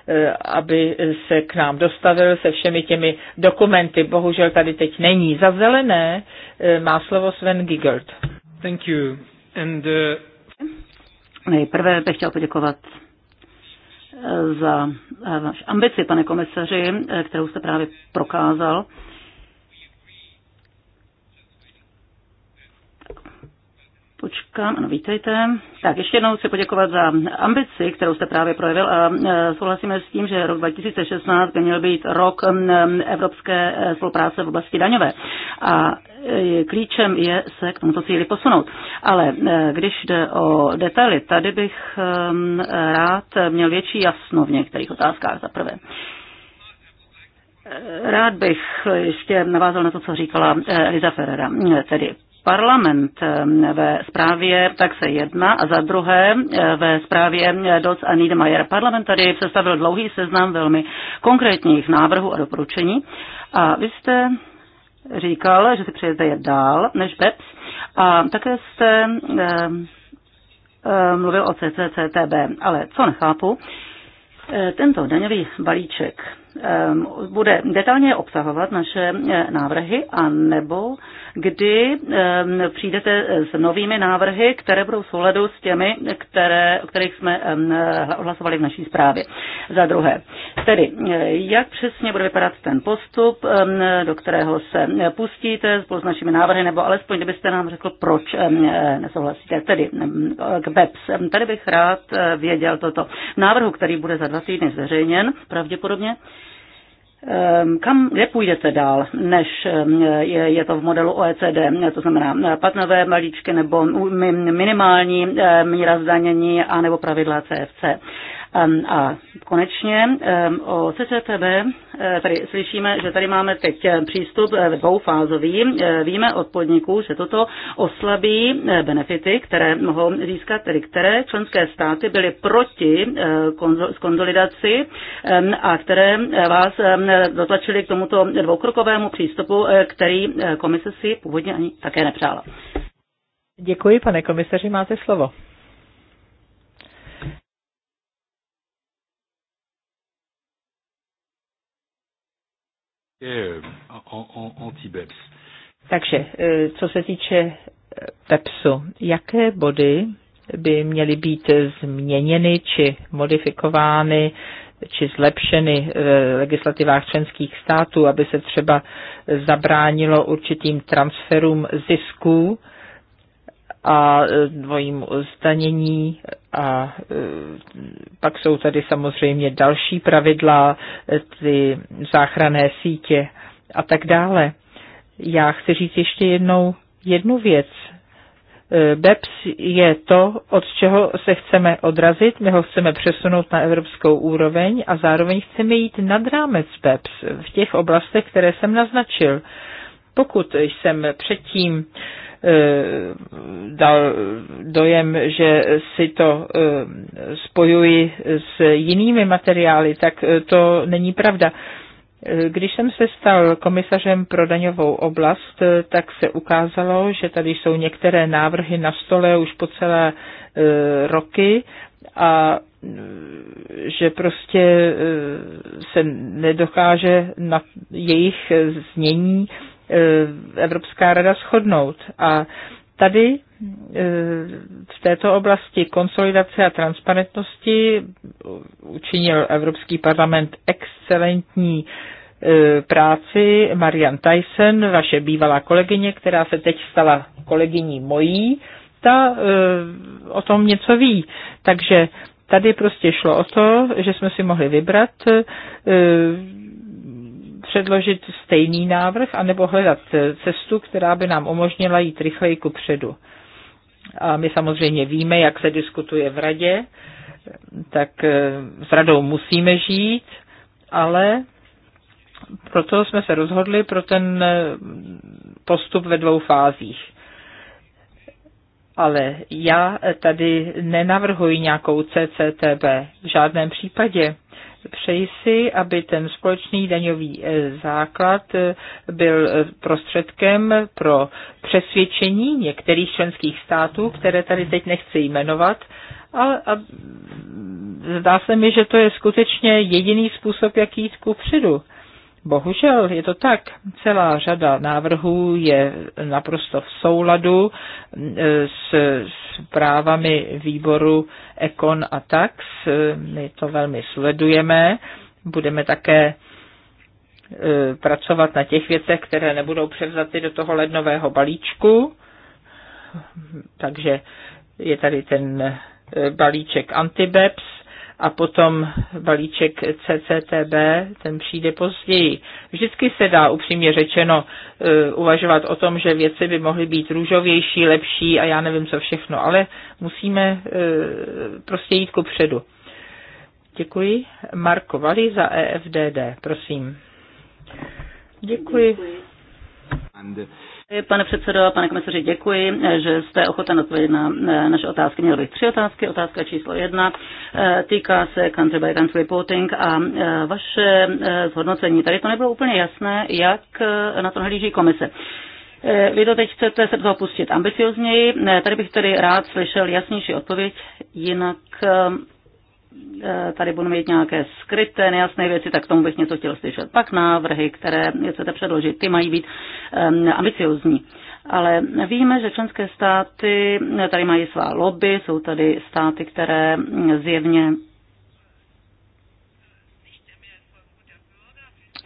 [SPEAKER 2] eh, aby se k nám dostavil se všemi těmi dokumenty. Bohužel tady teď není. Za zelené má slovo Sven Gigert. Thank you. And, uh... Nejprve bych chtěl poděkovat
[SPEAKER 3] za eh, vaši ambici, pane komisaři, eh, kterou jste právě prokázal. Počkám, ano, vítejte. Tak ještě jednou chci poděkovat za ambici, kterou jste právě projevil a e, souhlasíme s tím, že rok 2016 by měl být rok e, evropské e, spolupráce v oblasti daňové. A klíčem je se k tomuto cíli posunout. Ale když jde o detaily, tady bych rád měl větší jasno v některých otázkách za prvé. Rád bych ještě navázal na to, co říkala Eliza Ferrera, tedy parlament eh, ve zprávě tak se jedna a za druhé eh, ve zprávě eh, Doc a Niedemeyer. Parlament tady představil dlouhý seznam velmi konkrétních návrhů a doporučení a vy jste říkal, že si přejete je dál než BEPS a také jste e, e, mluvil o CCCTB, ale co nechápu, e, tento daňový balíček Ehm, bude detailně obsahovat naše eh, návrhy, a nebo kdy ehm, přijdete eh, s novými návrhy, které budou souhledu s těmi, které, o kterých jsme ehm, eh, hlasovali v naší zprávě. Za druhé, tedy jak přesně bude vypadat ten postup, do kterého se pustíte spolu s našimi návrhy, nebo alespoň kdybyste nám řekl, proč nesouhlasíte. Tedy k BEPS. Tady bych rád věděl toto. návrhu, který bude za dva týdny zveřejněn, pravděpodobně, Ehm, kam, nepůjdete dál, než ehm, je, je to v modelu OECD, to znamená eh, patnové malíčky nebo minimální eh, míra zdanění a nebo pravidla CFC. A konečně o CCTV eh, tady slyšíme, že tady máme teď eh, přístup eh, dvoufázový. Víme od podniků, že toto oslabí benefity, které mohou získat, tedy které členské státy byly proti konsolidaci a které vás dotlačily k tomuto dvoukrokovému přístupu, který komise si původně ani také nepřála.
[SPEAKER 2] Děkuji, pane komisaři, máte slovo. Euh, Takže, eh, co se týče eh, PEPSu, jaké body by měly být změněny či modifikovány či zlepšeny v legislativách členských států, aby se třeba zabránilo určitým transferům zisků a e, dvojím zdanění a e, pak jsou tady samozřejmě další pravidla, e, ty záchranné sítě a tak dále. Já chci říct ještě jednou jednu věc. BEPS je to, od čeho se chceme odrazit, my ho chceme přesunout na evropskou úroveň a zároveň chceme jít nad rámec BEPS v těch oblastech, které jsem naznačil. Pokud jsem předtím E, dal dojem, že si to e, spojuji s jinými materiály, tak e, to není pravda. Když jsem se stal komisařem pro daňovou oblast, tak se ukázalo, že tady jsou některé návrhy na stole už po celé roky a že prostě se nedokáže na jejich znění Eh, Evropská rada shodnout. A tady eh, v této oblasti konsolidace a transparentnosti učinil Evropský parlament excelentní eh, práci Marian Tyson, vaše bývalá kolegyně, která se teď stala kolegyní mojí, ta o tom něco ví. Takže tady prostě šlo o to, že jsme si mohli vybrat předložit stejný návrh, anebo hledat cestu, která by nám umožnila jít rychleji ku předu. A my samozřejmě víme, jak se diskutuje v radě, tak eh, s radou musíme žít, ale proto jsme se rozhodli pro ten eh, postup ve dvou fázích. Ale já tady nenavrhuji nějakou CCTB v žádném případě. Přeji si, aby ten společný daňový eh, základ eh, byl eh, prostředkem pro přesvědčení některých členských států, které tady teď nechci jmenovat, ale a zdá se mi, že to je skutečně jediný způsob, jak jít ku předu. Bohužel je to tak. Celá řada návrhů je naprosto v souladu e, s, s právami výboru Econ a Tax. E, my to velmi sledujeme. Budeme také e, pracovat na těch věcech, které nebudou převzaty do toho lednového balíčku. Takže je tady ten balíček Antibeps, a potom balíček CCTB, ten přijde později. Vždycky se dá upřímně řečeno eh, uvažovat o tom, že věci by mohly být růžovější, lepší a já nevím co všechno, ale musíme eh, prostě jít ku předu. Děkuji. Marko Vali za EFDD, prosím. Děkuji. Děkuji.
[SPEAKER 3] Pane předsedo, pane komisaři, děkuji, že jste ochoten odpovědět na naše otázky. Měl bych tři otázky. Otázka číslo jedna eh, týká se country by country reporting a eh, vaše eh, zhodnocení. Tady to nebylo úplně jasné, jak na to hlíží komise. Vy to teď chcete se toho pustit ambiciozněji. Tady bych tedy rád slyšel jasnější odpověď, jinak Eh, tady budu mít nějaké skryté, nejasné věci, tak tomu bych něco chtěl slyšet. Pak návrhy, které chcete předložit, ty mají být ehm, ambiciozní. Ale víme, že členské státy eh, tady mají svá lobby, jsou tady státy, které mm, zjevně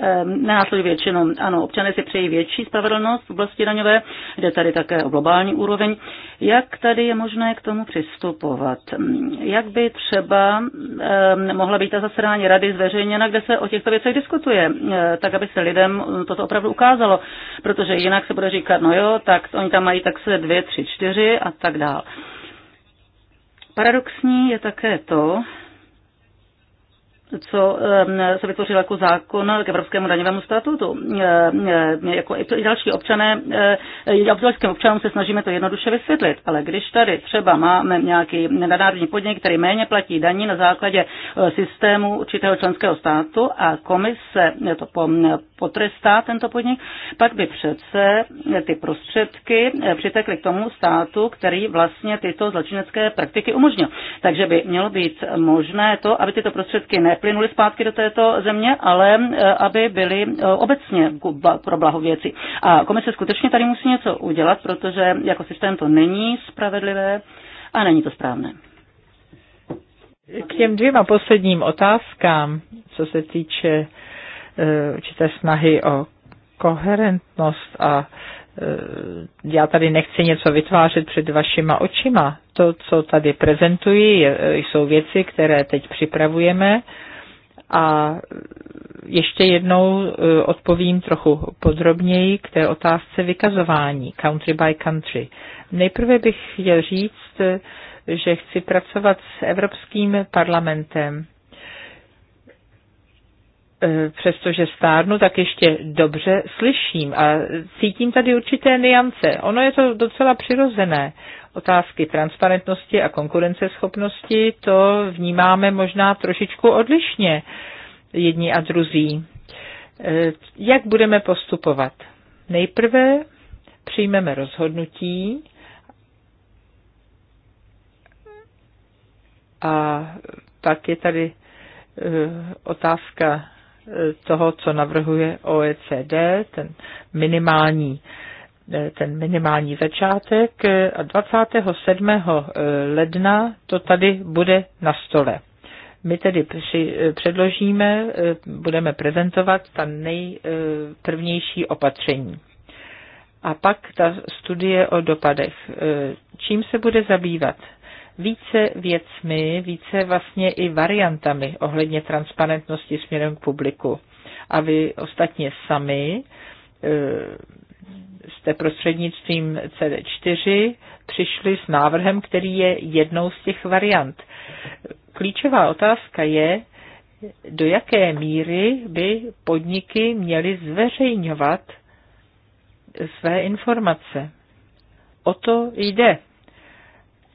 [SPEAKER 3] Ehm, následuje většinou, ano, občané si přejí větší spravedlnost v oblasti daňové, jde tady také o globální úroveň. Jak tady je možné k tomu přistupovat? Ehm, jak by třeba eh, mohla být ta zasedání rady zveřejněna, kde se o těchto věcech diskutuje, eh, tak aby se lidem ehm, toto opravdu ukázalo, protože jinak se bude říkat, no jo, tak oni tam mají tak se dvě, tři, čtyři a tak dál. Paradoxní je také to, co se vytvořilo jako zákon k Evropskému daňovému statutu. Jako i další občané, evropským eh, občanům se snažíme to jednoduše vysvětlit, ale když tady třeba máme nějaký nadnárodní podnik, který méně platí daní na základě eh, systému určitého členského státu a komise to potrestá tento podnik, pak by přece eh, ty prostředky přitekly k tomu státu, který vlastně tyto zločinecké praktiky umožnil. Takže by mělo být možné to, aby tyto prostředky ne plynuli zpátky do této země, ale eh, aby byly eh, obecně pro blaho věci. A komise skutečně tady musí něco udělat, protože jako systém to není
[SPEAKER 2] spravedlivé a není to správné. K těm dvěma posledním otázkám, co se týče eh, určité snahy o koherentnost a já tady nechci něco vytvářet před vašima očima. To, co tady prezentuji, jsou věci, které teď připravujeme a ještě jednou e, odpovím trochu podrobněji k té otázce vykazování country by country. Nejprve bych chtěl říct, e, že chci pracovat s Evropským parlamentem Eh, přestože stárnu, tak ještě dobře slyším a cítím tady určité niance. Ono je to docela přirozené. Otázky transparentnosti a konkurenceschopnosti to vnímáme možná trošičku odlišně jedni a druzí. Eh, jak budeme postupovat? Nejprve přijmeme rozhodnutí a pak je tady eh, otázka toho, co navrhuje OECD, ten minimální eh, ten minimální začátek eh, a 27. Eh, ledna to tady bude na stole. My tedy při, předložíme, budeme prezentovat ta nejprvnější opatření. A pak ta studie o dopadech. Čím se bude zabývat? více věcmi, více vlastně i variantami ohledně transparentnosti směrem k publiku. A vy ostatně sami eh, jste prostřednictvím CD4 přišli s návrhem, který je jednou z těch variant. Klíčová otázka je, do jaké míry by podniky měly zveřejňovat své informace. O to jde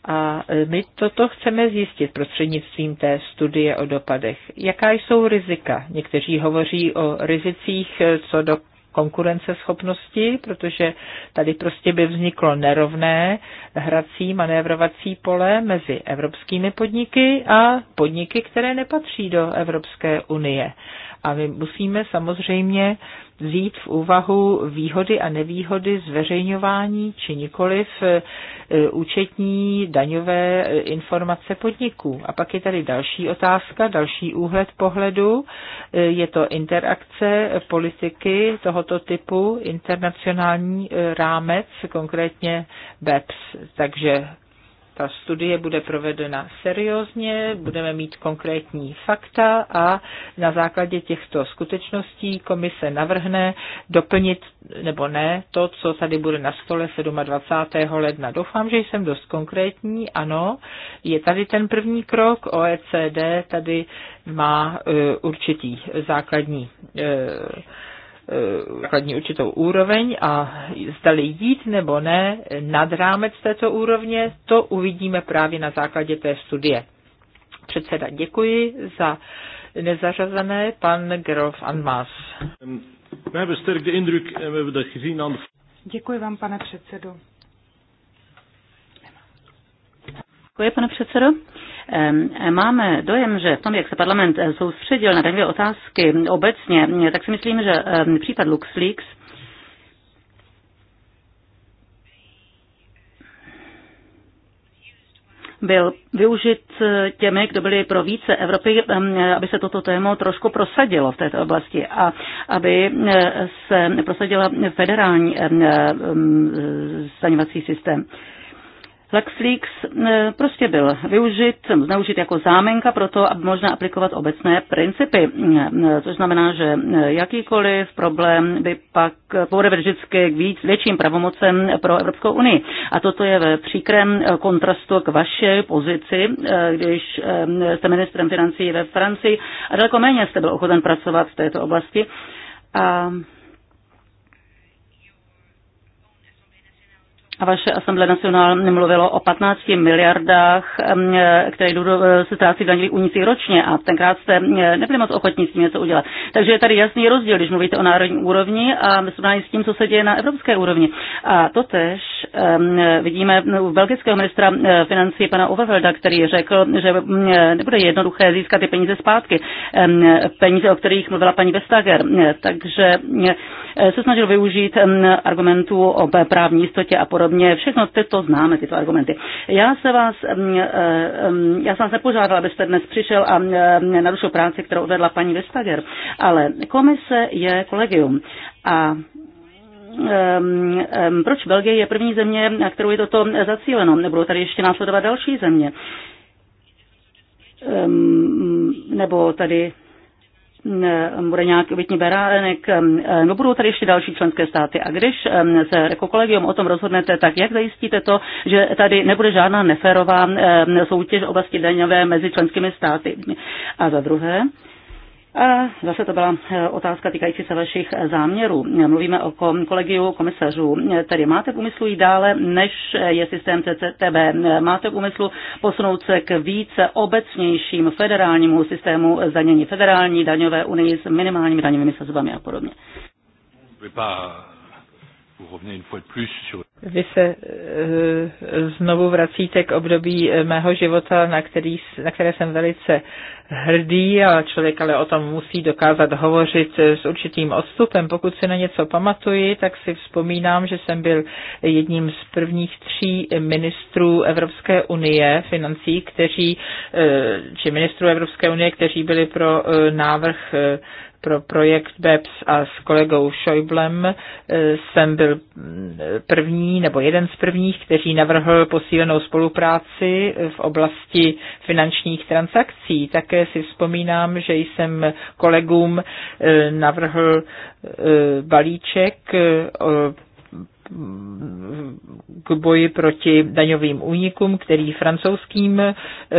[SPEAKER 2] a my toto chceme zjistit prostřednictvím té studie o dopadech. Jaká jsou rizika? Někteří hovoří o rizicích eh, co do konkurenceschopnosti, protože tady prostě by vzniklo nerovné hrací manévrovací pole mezi evropskými podniky a podniky, které nepatří do Evropské unie. A my musíme samozřejmě vzít v úvahu výhody a nevýhody zveřejňování či nikoliv e, účetní daňové e, informace podniků. A pak je tady další otázka, další úhled pohledu. E, je to interakce politiky tohoto typu, internacionální rámec, konkrétně BEPS. Takže ta studie bude provedena seriózně, budeme mít konkrétní fakta a na základě těchto skutečností komise navrhne doplnit nebo ne to, co tady bude na stole 27. ledna. Doufám, že jsem dost konkrétní. Ano, je tady ten první krok. OECD tady má e, určitý základní e, kladní určitou úroveň a zdali jít nebo ne nad rámec této úrovně, to uvidíme právě na základě té studie. Předseda, děkuji za nezařazené, pan Grof Anmas. Ehm,
[SPEAKER 1] děkuji vám, pane předsedo.
[SPEAKER 3] Děkuji, pane předsedo. Máme dojem, že v tom, jak se parlament eh, soustředil na takové otázky obecně, eh, tak si myslím, že případ LuxLeaks byl využit eh, těmi, kdo byli pro více Evropy, aby se toto téma trošku prosadilo v této oblasti a aby se prosadila federální zdaňovací systém. LexLeaks eh, prostě byl využit, zneužit jako zámenka pro to, aby možná aplikovat obecné principy, eh, eh, což znamená, že jakýkoliv problém by pak bude vždycky k víc větším pravomocem pro Evropskou unii. A toto je ve příkrém kontrastu k vaší pozici, když jste ministrem financí ve Francii a daleko méně jste byl ochoten pracovat v této oblasti. A a vaše Asamble Nacional nemluvilo o 15 miliardách, e, které jdou do, e, se ztrácí v daňových únicích ročně a tenkrát jste e, nebyli moc ochotní s tím něco udělat. Takže je tady jasný rozdíl, když mluvíte o národní úrovni a srovnání s tím, co se děje na evropské úrovni. A to tež vidíme u belgického ministra financí pana Overvelda, který řekl, že mm, nebude jednoduché získat ty peníze zpátky. Peníze, o kterých mluvila paní Vestager. Takže se snažil využít argumentů o právní jistotě a podobně podobně. Všechno tyto známe, tyto argumenty. Já se vás, mm, eh, mm, já jsem vás nepožádal, abyste dnes přišel a mm, eh, narušil práci, kterou odvedla paní Vestager, ale komise je kolegium a eh, proč Belgie je první země, na kterou je toto zacíleno? Nebudou tady ještě následovat další země? Ehm, nebo tady Mm, bude nějaký obytní beránek, mm, eh, no budou tady ještě další členské státy. A když mm, se jako kolegium o tom rozhodnete, tak jak zajistíte to, že tady nebude žádná neférová soutěž oblasti daňové mezi členskými státy? A za druhé, a zase to byla e, otázka týkající se vašich e, záměrů. Mluvíme o kolegiu komisařů. E, tedy máte v úmyslu jít dále, než je systém CCTB. Máte v úmyslu posunout se k více obecnějším federálnímu systému zdanění federální daňové unii s minimálními daňovými sazbami a podobně.
[SPEAKER 2] Vy se eh, znovu vracíte k období eh, mého života, na, který, na které jsem velice hrdý a člověk ale o tom musí dokázat hovořit eh, s určitým odstupem. Pokud si na něco pamatuji, tak si vzpomínám, že jsem byl jedním z prvních tří ministrů Evropské unie financí, kteří, či ministrů Evropské unie, kteří byli pro návrh pro projekt BEPS a s kolegou Schäublem eh, jsem byl mm, první nebo jeden z prvních, kteří navrhl posílenou spolupráci v oblasti finančních transakcí. Také si vzpomínám, že jsem kolegům eh, navrhl eh, balíček k boji proti daňovým únikům, který francouzským eh,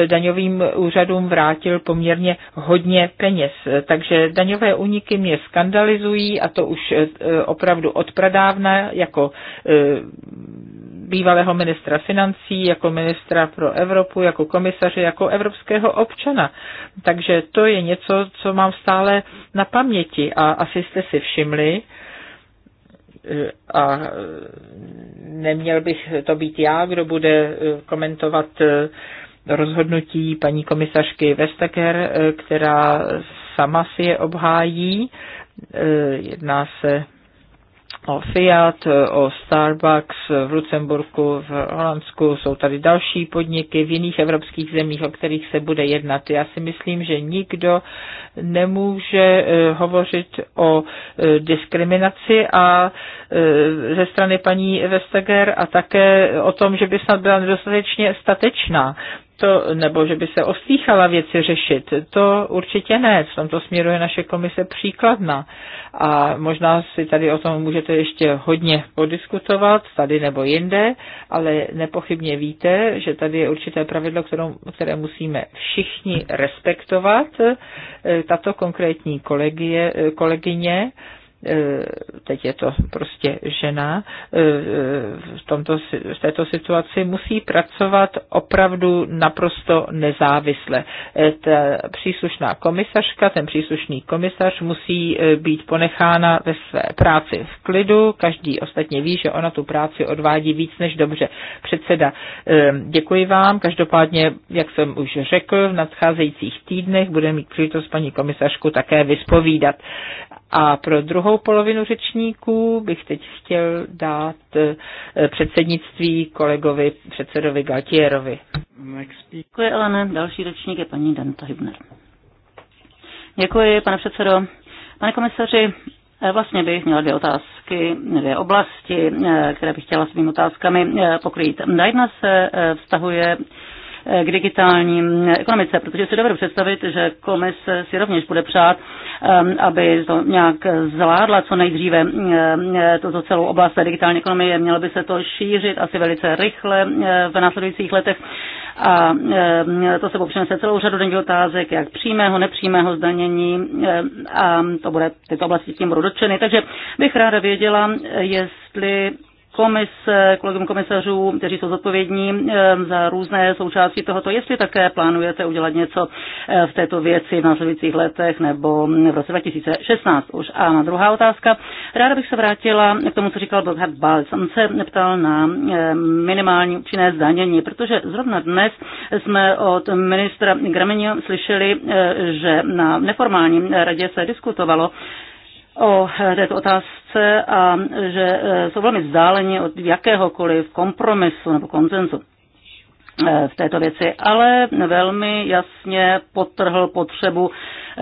[SPEAKER 2] daňovým úřadům vrátil poměrně hodně peněz. Takže daňové úniky mě skandalizují a to už eh, opravdu odpradávna jako eh, bývalého ministra financí, jako ministra pro Evropu, jako komisaře, jako evropského občana. Takže to je něco, co mám stále na paměti a asi jste si všimli, a neměl bych to být já, kdo bude komentovat rozhodnutí paní komisařky Vestager, která sama si je obhájí. Jedná se o Fiat, o Starbucks v Lucemburku, v Holandsku, jsou tady další podniky v jiných evropských zemích, o kterých se bude jednat. Já si myslím, že nikdo nemůže eh, hovořit o eh, diskriminaci a eh, ze strany paní Vestager a také o tom, že by snad byla nedostatečně statečná to, nebo že by se ostýchala věci řešit. To určitě ne. V tomto směru je naše komise příkladná. A možná si tady o tom můžete ještě hodně podiskutovat, tady nebo jinde, ale nepochybně víte, že tady je určité pravidlo, kterou, které musíme všichni respektovat. E, tato konkrétní kolegie, e, kolegyně Eh, teď je to prostě žena, eh, v, tomto, v této situaci musí pracovat opravdu naprosto nezávisle. Eh, ta příslušná komisařka, ten příslušný komisař musí být ponechána ve své práci v klidu. Každý ostatně ví, že ona tu práci odvádí víc než dobře. Předseda, děkuji vám. Každopádně, jak jsem už řekl, v nadcházejících týdnech bude mít příležitost paní komisařku také vyspovídat. A pro druhou druhou polovinu řečníků bych teď chtěl dát eh, předsednictví kolegovi,
[SPEAKER 3] předsedovi Galtierovi. Děkuji, Elena. Další řečník je paní Danta Hübner. Děkuji, pane předsedo. Pane komisaři, eh, Vlastně bych měla dvě otázky, dvě oblasti, eh, které bych chtěla svými otázkami pokrýt. Na jedna se vztahuje Eh, k digitální eh, ekonomice, protože si dovedu představit, že komise si rovněž bude přát, eh, aby to nějak zvládla co nejdříve tuto celou oblast digitální ekonomie. Mělo by se to šířit asi velice rychle v následujících letech a to se přinese celou řadu denní otázek, jak přímého, nepřímého zdanění a to bude, tyto oblasti tím budou dotčeny. Takže bych ráda věděla, jestli komise, kolegům komisařů, kteří jsou zodpovědní eh, za různé součásti tohoto, jestli také plánujete udělat něco eh, v této věci v následujících letech nebo v roce 2016 už. A na druhá otázka. Ráda bych se vrátila k tomu, co říkal Burkhard Balc. On se neptal na eh, minimální účinné zdanění, protože zrovna dnes jsme od ministra Gramenio slyšeli, že na neformálním radě se diskutovalo, o této otázce a že e, jsou velmi vzdáleni od jakéhokoliv kompromisu nebo koncenzu. Eh, v této věci, ale velmi jasně potrhl potřebu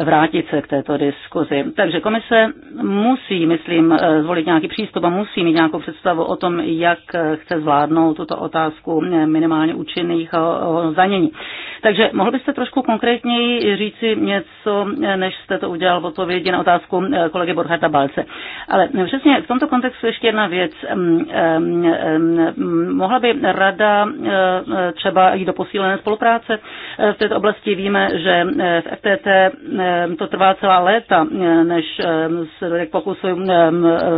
[SPEAKER 3] vrátit se k této diskuzi. Takže komise musí, myslím, eh, zvolit nějaký přístup a musí mít nějakou představu o tom, jak eh, chce zvládnout tuto otázku minimálně účinných Zanění. Takže mohl byste trošku konkrétněji říci něco, než jste to udělal v odpovědi na otázku kolegy Borcharda Balce. Ale přesně v tomto kontextu ještě jedna věc. Mm, mm, mm, mohla by rada třeba třeba i do posílené spolupráce eh, v této oblasti. Víme, že eh, v FTT eh, to trvá celá léta, než pokusu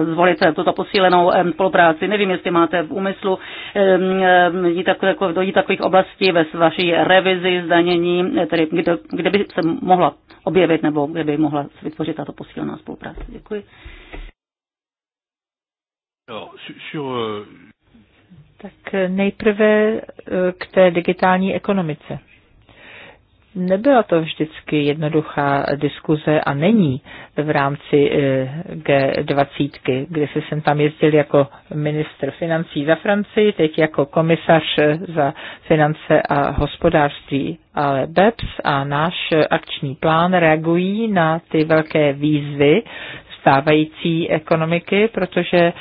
[SPEAKER 3] zvolit tuto posílenou spolupráci. Nevím, jestli máte v úmyslu jít jako do takových oblastí ve vaší revizi, zdanění, tedy kde, kde by se mohla objevit nebo kde by mohla vytvořit tato posílená spolupráce. Děkuji.
[SPEAKER 2] Alors, sur, sur euh, tak nejprve eh, k té digitální ekonomice. Nebyla to vždycky jednoduchá diskuze a není v rámci eh, G20, kde se jsem tam jezdil jako ministr financí za Francii, teď jako komisař eh, za finance a hospodářství. Ale BEPS a náš akční plán reagují na ty velké výzvy, stávající ekonomiky, protože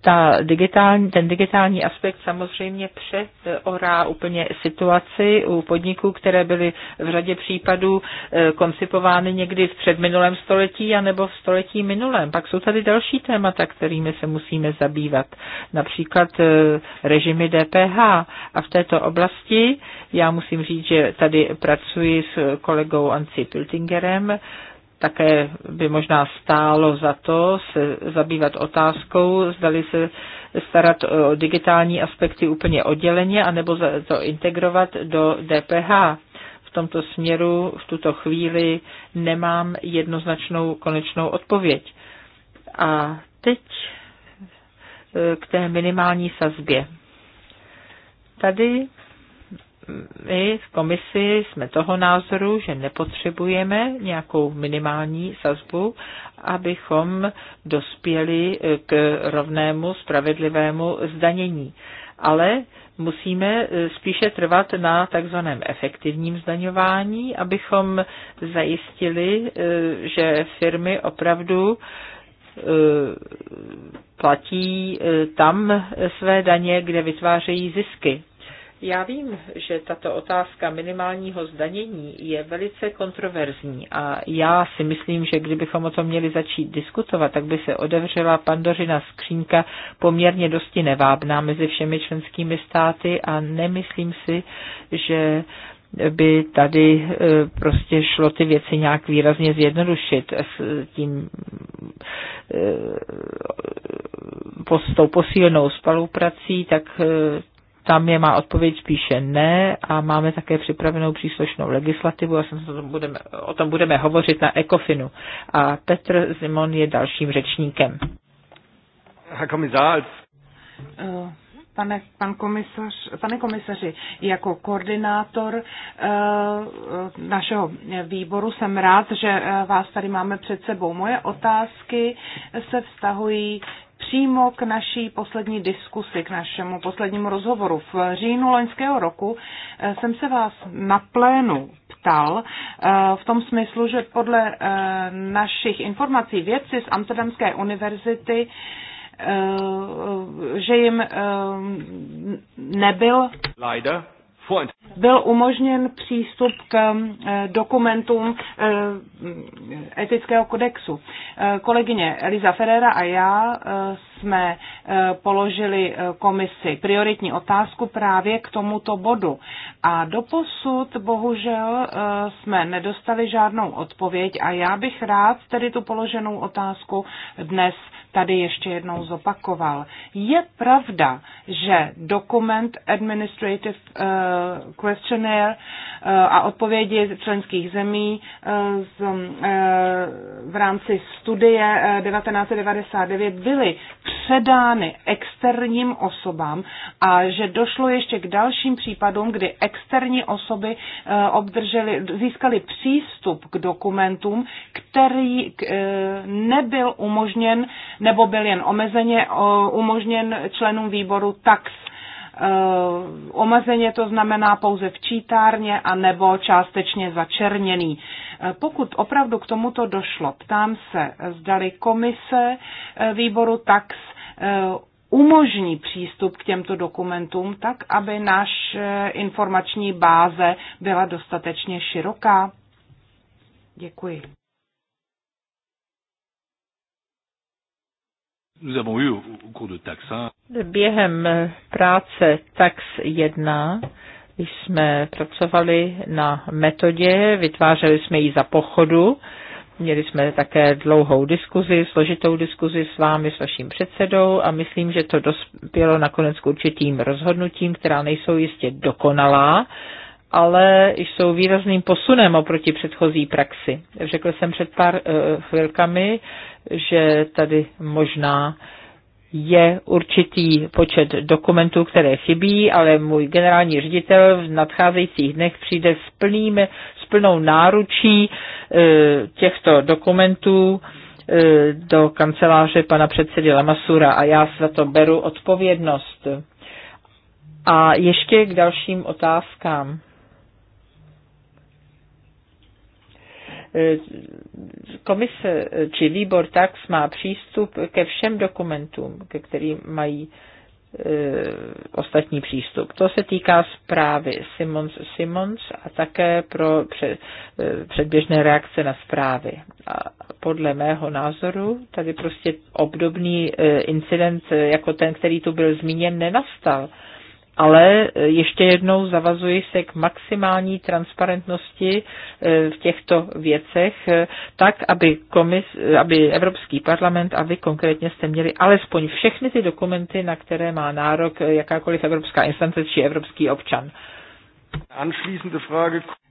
[SPEAKER 2] ta digitální, ten digitální aspekt samozřejmě přeorá úplně situaci u podniků, které byly v řadě případů eh, koncipovány někdy v předminulém století anebo v století minulém. Pak jsou tady další témata, kterými se musíme zabývat, například eh, režimy DPH. A v této oblasti já musím říct, že tady pracuji s kolegou Anci Piltingerem, také by možná stálo za to se zabývat otázkou, zdali se starat o digitální aspekty úplně odděleně, anebo to integrovat do DPH. V tomto směru v tuto chvíli nemám jednoznačnou konečnou odpověď. A teď eh, k té minimální sazbě. Tady my v komisi jsme toho názoru, že nepotřebujeme nějakou minimální sazbu, abychom dospěli eh, k rovnému spravedlivému zdanění. Ale musíme eh, spíše trvat na takzvaném efektivním zdaňování, abychom zajistili, eh, že firmy opravdu platí tam své daně, kde vytvářejí zisky. Já vím, že tato otázka minimálního zdanění je velice kontroverzní a já si myslím, že kdybychom o tom měli začít diskutovat, tak by se odevřela pandořina skřínka poměrně dosti nevábná mezi všemi členskými státy a nemyslím si, že by tady eh, prostě šlo ty věci nějak výrazně zjednodušit s tím eh, s tou posílenou spoluprací, tak eh, tam je má odpověď spíše ne a máme také připravenou příslušnou legislativu a budeme, o tom budeme hovořit na ECOFINu. A Petr Zimon je dalším řečníkem.
[SPEAKER 1] Eh, pane, pan komisař, pane komisaři, jako koordinátor eh, našeho výboru jsem rád, že eh, vás tady máme před sebou. Moje otázky se vztahují přímo k naší poslední diskusi, k našemu poslednímu rozhovoru. V říjnu loňského roku eh, jsem se vás na plénu ptal eh, v tom smyslu, že podle eh, našich informací vědci z Amsterdamské univerzity že jim nebyl Leider byl umožněn přístup k eh, dokumentům eh, mm, etického kodexu. Eh, kolegyně Eliza Ferrera a já jsme položili komisi prioritní otázku právě k tomuto bodu. A doposud bohužel jsme nedostali žádnou odpověď a já bych rád tedy tu položenou otázku dnes tady ještě jednou zopakoval. Je pravda, že dokument Administrative uh, Questionnaire uh, a odpovědi členských zemí uh, z, uh, v rámci studie uh, 1999 byly předány externím osobám a že došlo ještě k dalším případům, kdy externí osoby uh, obdrželi, získali přístup k dokumentům, který uh, nebyl umožněn, nebo byl jen omezeně umožněn členům výboru tax. E, omezeně to znamená pouze v čítárně a nebo částečně začerněný. E, pokud opravdu k tomuto došlo, ptám se, zdali komise e, výboru tax umožní přístup k těmto dokumentům tak, aby náš informační báze byla dostatečně široká? Děkuji.
[SPEAKER 2] Během eh, práce Tax 1 jsme pracovali na metodě, vytvářeli jsme ji za pochodu, měli jsme také dlouhou diskuzi, složitou diskuzi s vámi, s vaším předsedou a myslím, že to dospělo nakonec k určitým rozhodnutím, která nejsou jistě dokonalá, ale jsou výrazným posunem oproti předchozí praxi. Řekl jsem před pár eh, chvilkami, že tady možná je určitý počet dokumentů, které chybí, ale můj generální ředitel v nadcházejících dnech přijde s, plným, s plnou náručí eh, těchto dokumentů eh, do kanceláře pana předsedy Lamasura a já za to beru odpovědnost. A ještě k dalším otázkám. E, komise či výbor tax má přístup ke všem dokumentům, ke kterým mají e, ostatní přístup. To se týká zprávy Simons Simons a také pro e, předběžné reakce na zprávy. A podle mého názoru tady prostě obdobný incident jako ten, který tu byl zmíněn, nenastal ale e, ještě jednou zavazuji se k maximální transparentnosti e, v těchto věcech, e, tak, aby, komis, aby Evropský parlament a vy konkrétně jste měli alespoň všechny ty dokumenty, na které má nárok jakákoliv evropská instance či evropský občan.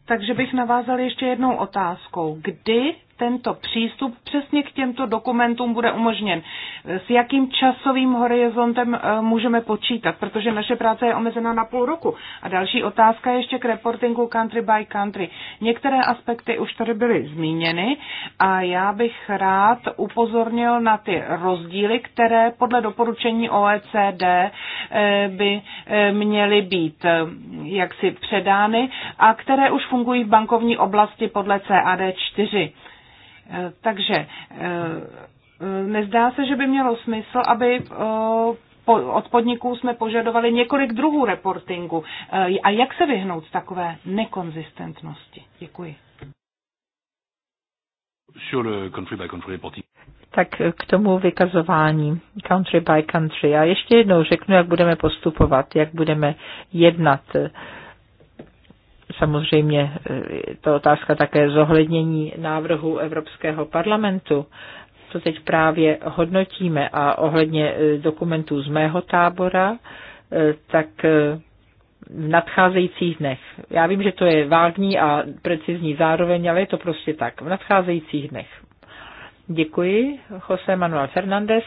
[SPEAKER 1] Takže bych navázal ještě jednou otázkou. Kdy tento přístup přesně k těmto dokumentům bude umožněn. S jakým časovým horizontem eh, můžeme počítat, protože naše práce je omezena na půl roku. A další otázka ještě k reportingu country by country. Některé aspekty už tady byly zmíněny a já bych rád upozornil na ty rozdíly, které podle doporučení OECD eh, by eh, měly být jaksi předány a které už fungují v bankovní oblasti podle CAD 4. Eh, takže eh, nezdá se, že by mělo smysl, aby eh, od podniků jsme požadovali několik druhů reportingu. A jak se vyhnout takové nekonzistentnosti? Děkuji. tak k tomu vykazování
[SPEAKER 2] country by country. A ještě jednou řeknu, jak budeme postupovat, jak budeme jednat samozřejmě eh, to otázka také zohlednění návrhu Evropského parlamentu. To teď právě hodnotíme a ohledně eh, dokumentů z mého tábora, eh, tak v nadcházejících dnech. Já vím, že to je vágní a precizní zároveň, ale je to prostě tak. V nadcházejících dnech. Děkuji. José Manuel Fernández.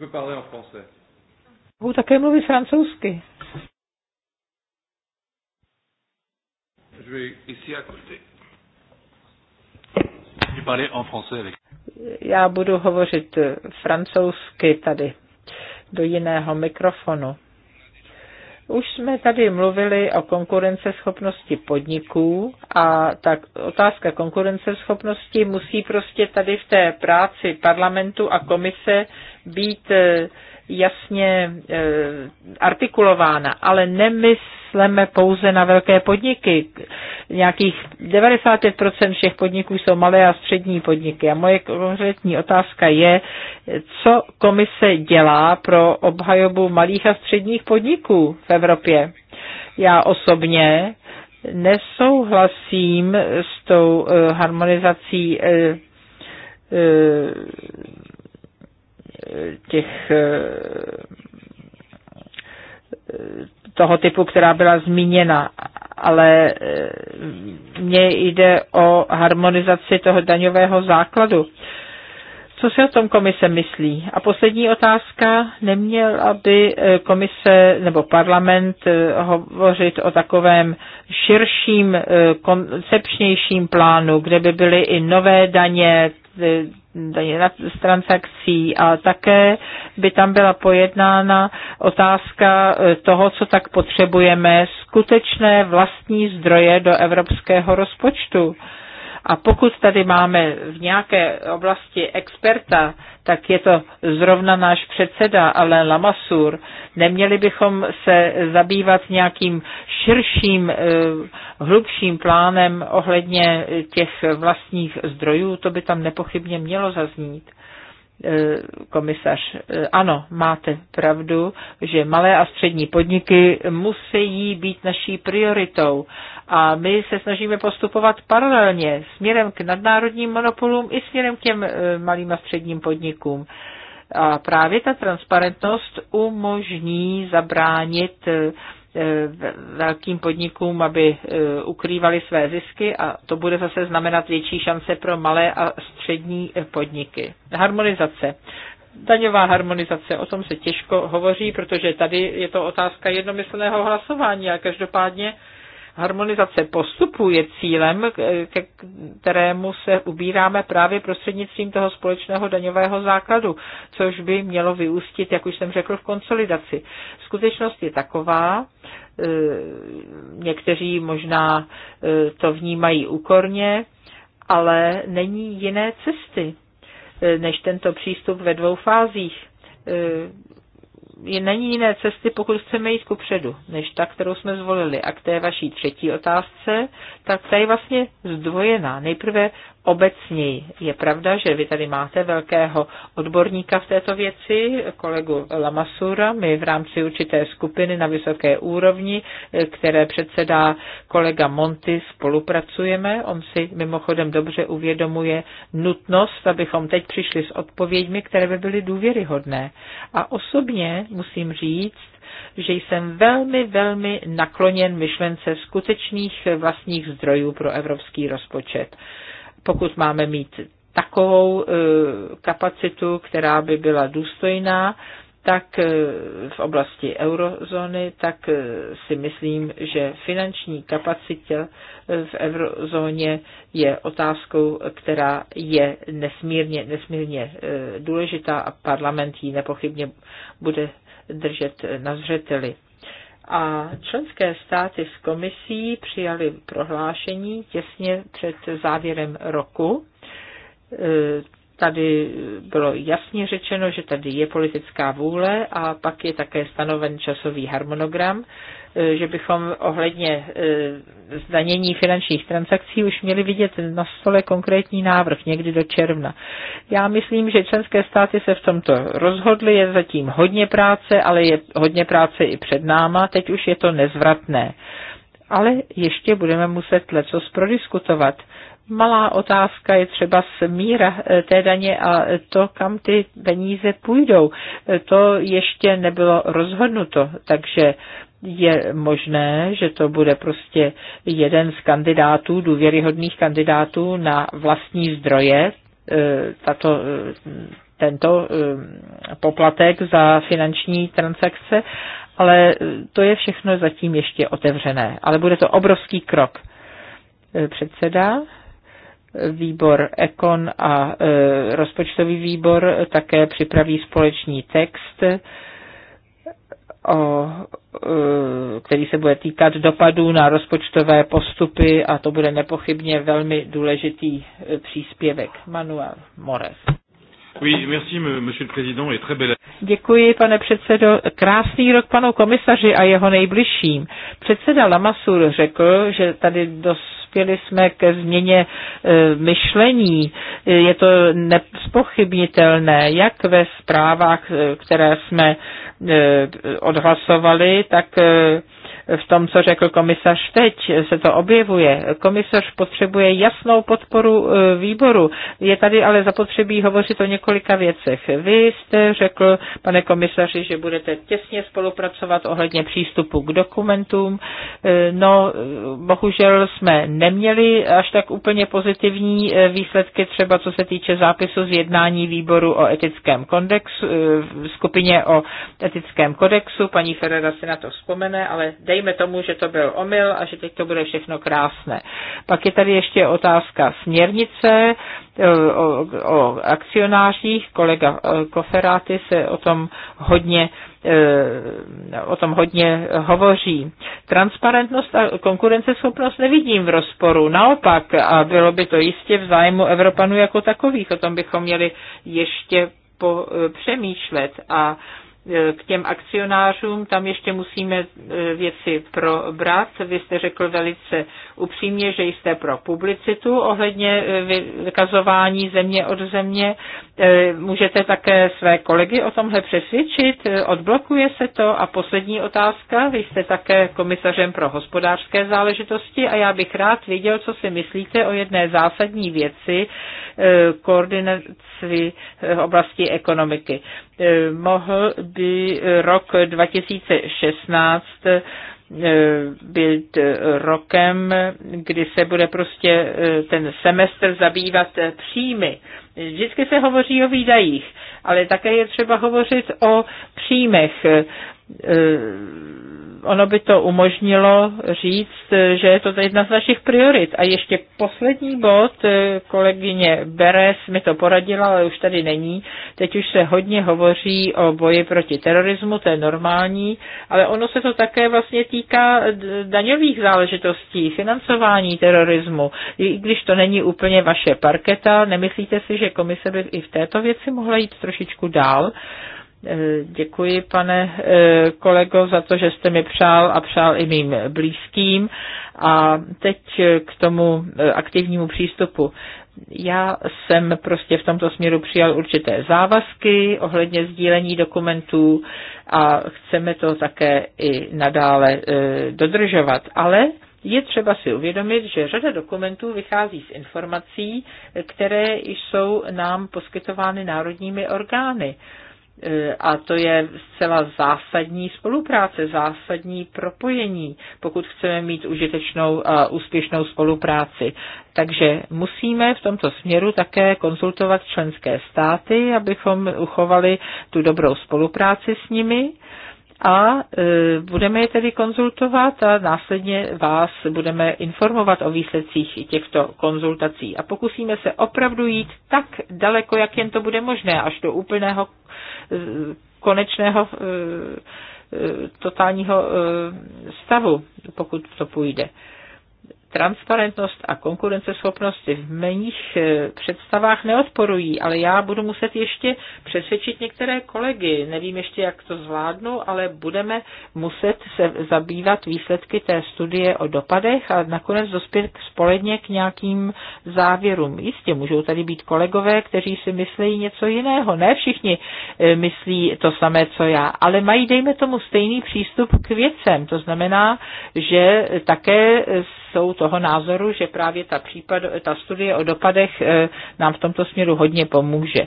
[SPEAKER 2] peux parler en français. Mohu také mluvit français. Je vais ici à côté. Je vais parler en français avec. Já budu hovořit francouzsky tady do jiného mikrofonu. Už jsme tady mluvili o konkurenceschopnosti podniků a tak otázka konkurenceschopnosti musí prostě tady v té práci parlamentu a komise být eh, jasně eh, artikulována, ale nemysleme pouze na velké podniky. Nějakých 95% všech podniků jsou malé a střední podniky. A moje konkrétní otázka je, co komise dělá pro obhajobu malých a středních podniků v Evropě. Já osobně nesouhlasím s tou eh, harmonizací eh, eh, těch Eh, toho typu, která byla zmíněna, ale eh, mně jde o harmonizaci toho daňového základu. Co si o tom komise myslí? A poslední otázka, neměl by eh, komise nebo parlament hovořit o takovém širším, koncepčnějším plánu, kde by byly i nové daně, daně z transakcí a také by tam byla pojednána otázka e, toho, co tak potřebujeme, skutečné vlastní zdroje do evropského rozpočtu. A pokud tady máme v nějaké oblasti experta, tak je to zrovna náš předseda ale Lamassur. Neměli bychom se zabývat nějakým širším, eh, hlubším plánem ohledně těch vlastních zdrojů, to by tam nepochybně mělo zaznít eh, komisař. Eh, ano, máte pravdu, že malé a střední podniky musí být naší prioritou. A my se snažíme postupovat paralelně směrem k nadnárodním monopolům i směrem k těm e, malým a středním podnikům. A právě ta transparentnost umožní zabránit e, e, velkým podnikům, aby ukrývali své zisky a to bude zase znamenat větší šance pro malé a střední podniky. Harmonizace. Daňová harmonizace, o tom se těžko hovoří, protože tady je to otázka jednomyslného hlasování a každopádně Harmonizace postupů je cílem, ke kterému se ubíráme právě prostřednictvím toho společného daňového základu, což by mělo vyústit, jak už jsem řekl, v konsolidaci. Skutečnost je taková, e, někteří možná e, to vnímají úkorně, ale není jiné cesty e, než tento přístup ve dvou fázích není jiné cesty, pokud chceme jít ku předu, než ta, kterou jsme zvolili. A k té vaší třetí otázce, tak ta je vlastně zdvojená. Nejprve obecněji. Je pravda, že vy tady máte velkého odborníka v této věci, kolegu Lamasura. My v rámci určité skupiny na vysoké úrovni, eh, které předsedá kolega Monty, spolupracujeme. On si mimochodem dobře uvědomuje nutnost, abychom teď přišli s odpověďmi, které by byly důvěryhodné. A osobně musím říct, že jsem velmi, velmi nakloněn myšlence skutečných vlastních zdrojů pro evropský rozpočet pokud máme mít takovou e, kapacitu, která by byla důstojná, tak e, v oblasti eurozóny, tak e, si myslím, že finanční kapacitě v eurozóně je otázkou, která je nesmírně, nesmírně důležitá a parlament ji nepochybně bude držet na zřeteli a členské státy s komisí přijali prohlášení těsně před závěrem roku. E, tady bylo jasně řečeno, že tady je politická vůle a pak je také stanoven časový harmonogram, Eh, že bychom ohledně eh, zdanění finančních transakcí už měli vidět na stole konkrétní návrh někdy do června. Já myslím, že členské státy se v tomto rozhodly, je zatím hodně práce, ale je hodně práce i před náma, teď už je to nezvratné. Ale ještě budeme muset leco prodiskutovat. Malá otázka je třeba míra eh, té daně a to, kam ty peníze půjdou. To ještě nebylo rozhodnuto, takže je možné, že to bude prostě jeden z kandidátů, důvěryhodných kandidátů na vlastní zdroje, e, tato, e, tento e, poplatek za finanční transakce, ale to je všechno zatím ještě otevřené. Ale bude to obrovský krok. Předseda, výbor Ekon a rozpočtový výbor také připraví společný text, o, e, který se bude týkat dopadů na rozpočtové postupy a to bude nepochybně velmi důležitý e, příspěvek. Manuel Mores. Oui, merci, le très Děkuji, pane předsedo. Krásný rok panu komisaři a jeho nejbližším. Předseda Lamasur řekl, že tady dospěli jsme ke změně e, myšlení. Je to nespochybnitelné, jak ve zprávách, které jsme Eh, odhlasovali, tak eh, v tom, co řekl komisař teď, se to objevuje. Komisař potřebuje jasnou podporu e, výboru. Je tady ale zapotřebí hovořit o několika věcech. Vy jste řekl, pane komisaři, že budete těsně spolupracovat ohledně přístupu k dokumentům. E, no, bohužel jsme neměli až tak úplně pozitivní e, výsledky, třeba co se týče zápisu z jednání výboru o etickém kodexu, skupině o etickém kodexu. Paní Ferrera si na to vzpomene, ale dej dejme tomu, že to byl omyl a že teď to bude všechno krásné. Pak je tady ještě otázka směrnice eh, o, o akcionářích. Kolega eh, Koferáty se o tom hodně eh, o tom hodně hovoří. Transparentnost a konkurenceschopnost nevidím v rozporu. Naopak, a bylo by to jistě v zájmu Evropanů jako takových, o tom bychom měli ještě po, přemýšlet. A Eh, k těm akcionářům, tam ještě musíme eh, věci probrat. Vy jste řekl velice upřímně, že jste pro publicitu ohledně eh, vykazování země od země. Eh, můžete také své kolegy o tomhle přesvědčit? Eh, odblokuje se to? A poslední otázka, vy jste také komisařem pro hospodářské záležitosti a já bych rád věděl, co si myslíte o jedné zásadní věci koordinaci v oblasti ekonomiky. Mohl by rok 2016 E, být rokem, kdy se bude prostě e, ten semestr zabývat e, příjmy. Vždycky se hovoří o výdajích, ale také je třeba hovořit o příjmech e, ono by to umožnilo říct, že je to jedna z našich priorit. A ještě poslední bod, e, kolegyně Beres mi to poradila, ale už tady není. Teď už se hodně hovoří o boji proti terorismu, to je normální, ale ono se to také vlastně týká daňových záležitostí, financování terorismu. I když to není úplně vaše parketa, nemyslíte si, že komise by i v této věci mohla jít trošičku dál. E, děkuji, pane e, kolego, za to, že jste mi přál a přál i mým blízkým. A teď k tomu e, aktivnímu přístupu. Já jsem prostě v tomto směru přijal určité závazky ohledně sdílení dokumentů a chceme to také i nadále dodržovat. Ale je třeba si uvědomit, že řada dokumentů vychází z informací, které jsou nám poskytovány národními orgány. E, a to je zcela zásadní spolupráce, zásadní propojení, pokud chceme mít užitečnou a úspěšnou spolupráci. Takže musíme v tomto směru také konzultovat členské státy, abychom uchovali tu dobrou spolupráci s nimi a e, budeme je tedy konzultovat a následně vás budeme informovat o výsledcích těchto konzultací. A pokusíme se opravdu jít tak daleko, jak jen to bude možné, až do úplného e, konečného e, totálního stavu, pokud to půjde transparentnost a konkurenceschopnost v mých eh, představách neodporují, ale já budu muset ještě přesvědčit některé kolegy. Nevím ještě, jak to zvládnu, ale budeme muset se zabývat výsledky té studie o dopadech a nakonec dospět společně k nějakým závěrům. Jistě můžou tady být kolegové, kteří si myslí něco jiného. Ne všichni eh, myslí to samé, co já, ale mají, dejme tomu, stejný přístup k věcem. To znamená, že také jsou toho názoru, že právě ta, případ, ta studie o dopadech eh, nám v tomto směru hodně pomůže.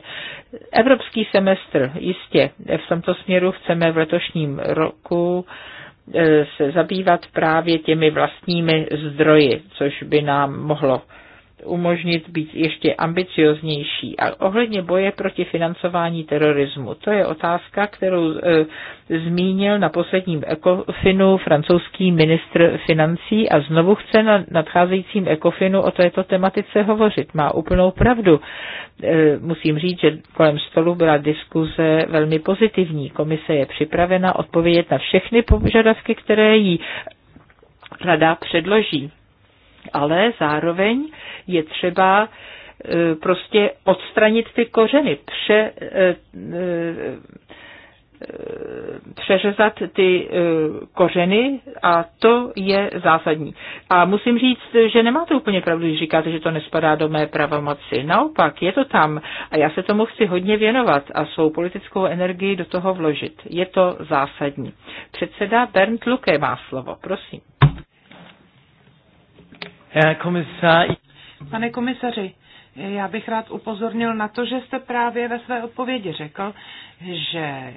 [SPEAKER 2] Evropský semestr, jistě, v tomto směru chceme v letošním roku eh, se zabývat právě těmi vlastními zdroji, což by nám mohlo umožnit být ještě ambicioznější. A ohledně boje proti financování terorismu, to je otázka, kterou e, zmínil na posledním ECOFINu francouzský ministr financí a znovu chce na nadcházejícím ECOFINu o této tematice hovořit. Má úplnou pravdu. E, musím říct, že kolem stolu byla diskuze velmi pozitivní. Komise je připravena odpovědět na všechny požadavky, které jí rada předloží ale zároveň je třeba e, prostě odstranit ty kořeny, pře, e, e, přeřezat ty kořeny a to je zásadní. A musím říct, že nemáte úplně pravdu, když říkáte, že to nespadá do mé pravomoci. Naopak, je to tam a já se tomu chci hodně věnovat a svou politickou energii do toho vložit. Je to zásadní. Předseda Bernd Luke má slovo,
[SPEAKER 1] prosím. Pane komisaři, já bych rád upozornil na to, že jste právě ve své odpovědi řekl, že eh,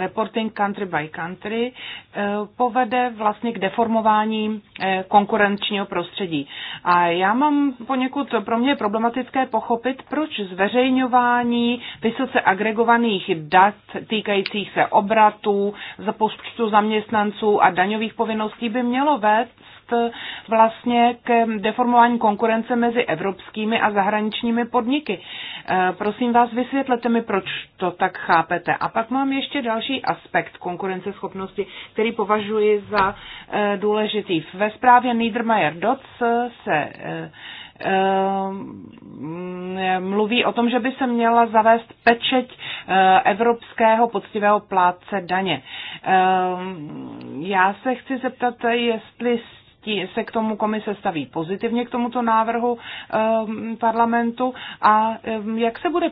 [SPEAKER 1] reporting country by country eh, povede vlastně k deformování eh, konkurenčního prostředí. A já mám poněkud pro mě problematické pochopit, proč zveřejňování vysoce agregovaných dat týkajících se obratů, za počtu zaměstnanců a daňových povinností by mělo vést Eh, vlastně k deformování konkurence mezi evropskými a zahraničními podniky. Eh, prosím vás, vysvětlete mi, proč to tak chápete. A pak mám ještě další aspekt konkurenceschopnosti, který považuji za eh, důležitý. Ve zprávě Niedermayer-Dotz se mluví o tom, že by se měla zavést pečeť evropského poctivého plátce daně. Já se chci zeptat, jestli ti se k tomu komise staví pozitivně k tomuto návrhu ehm, parlamentu a ehm, jak se bude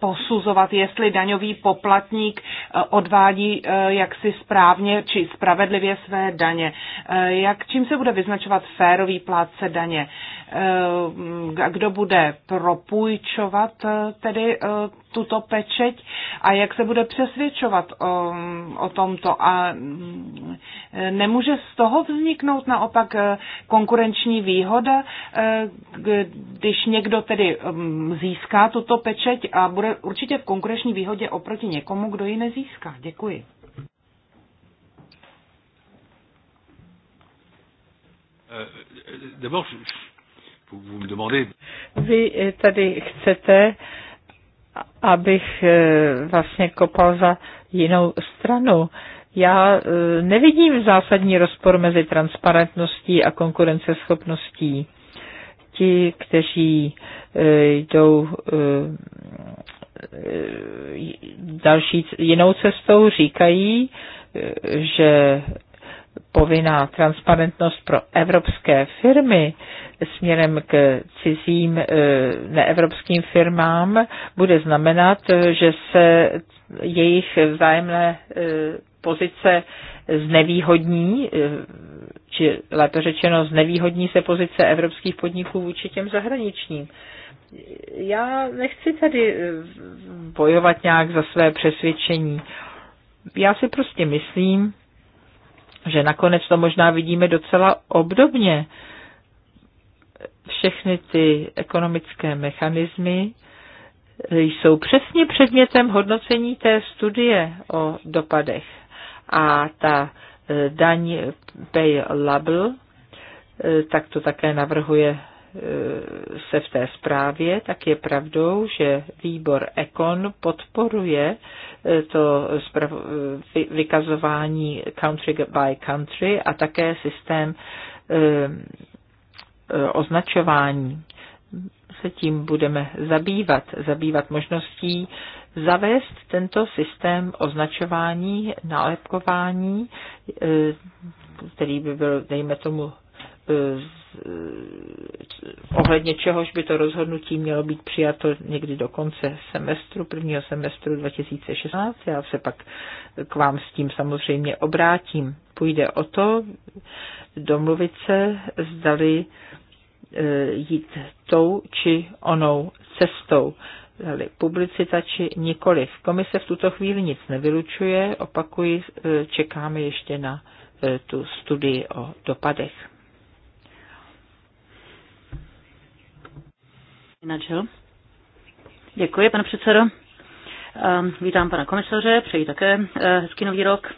[SPEAKER 1] posuzovat, jestli daňový poplatník eh, odvádí eh, jaksi správně či spravedlivě své daně. Eh, jak, čím se bude vyznačovat férový plátce daně? Eh, kdo bude propůjčovat eh, tedy eh, tuto pečeť a jak se bude přesvědčovat o, o tomto. A nemůže z toho vzniknout naopak konkurenční výhoda, když někdo tedy mm, získá tuto pečeť a bude určitě v konkurenční výhodě oproti někomu, kdo ji nezíská. Děkuji.
[SPEAKER 2] D'abord, vy tady chcete, abych eh, vlastně kopal za jinou stranu. Já eh, nevidím zásadní rozpor mezi transparentností a konkurenceschopností. Ti, kteří eh, jdou další jinou cestou, říkají, že povinná transparentnost pro evropské firmy směrem k cizím eh, neevropským firmám bude znamenat, eh, že se jejich vzájemné eh, pozice znevýhodní, či lépe řečeno znevýhodní se pozice evropských podniků vůči těm zahraničním. Já nechci tady bojovat nějak za své přesvědčení. Já si prostě myslím, že nakonec to možná vidíme docela obdobně. Všechny ty ekonomické mechanismy jsou přesně předmětem hodnocení té studie o dopadech. A ta eh, daň pay label, eh, tak to také navrhuje se v té zprávě, tak je pravdou, že výbor Econ podporuje eh, to vykazování country by country a také systém eh, označování. Se tím budeme zabývat, zabývat možností zavést tento systém označování, nálepkování, eh, který by byl, dejme tomu, Eh, ohledně čehož by to rozhodnutí mělo být přijato někdy do konce semestru, prvního semestru 2016. Já se pak k vám s tím samozřejmě obrátím. Půjde o to domluvit se, zdali eh, jít tou či onou cestou Zdali publicita či nikoliv. Komise v tuto chvíli nic nevylučuje, opakuji, eh, čekáme ještě na tu studii o dopadech.
[SPEAKER 3] Načel. Děkuji, pane předsedo. Ehm, vítám pana komisaře, přeji také eh, hezký nový rok.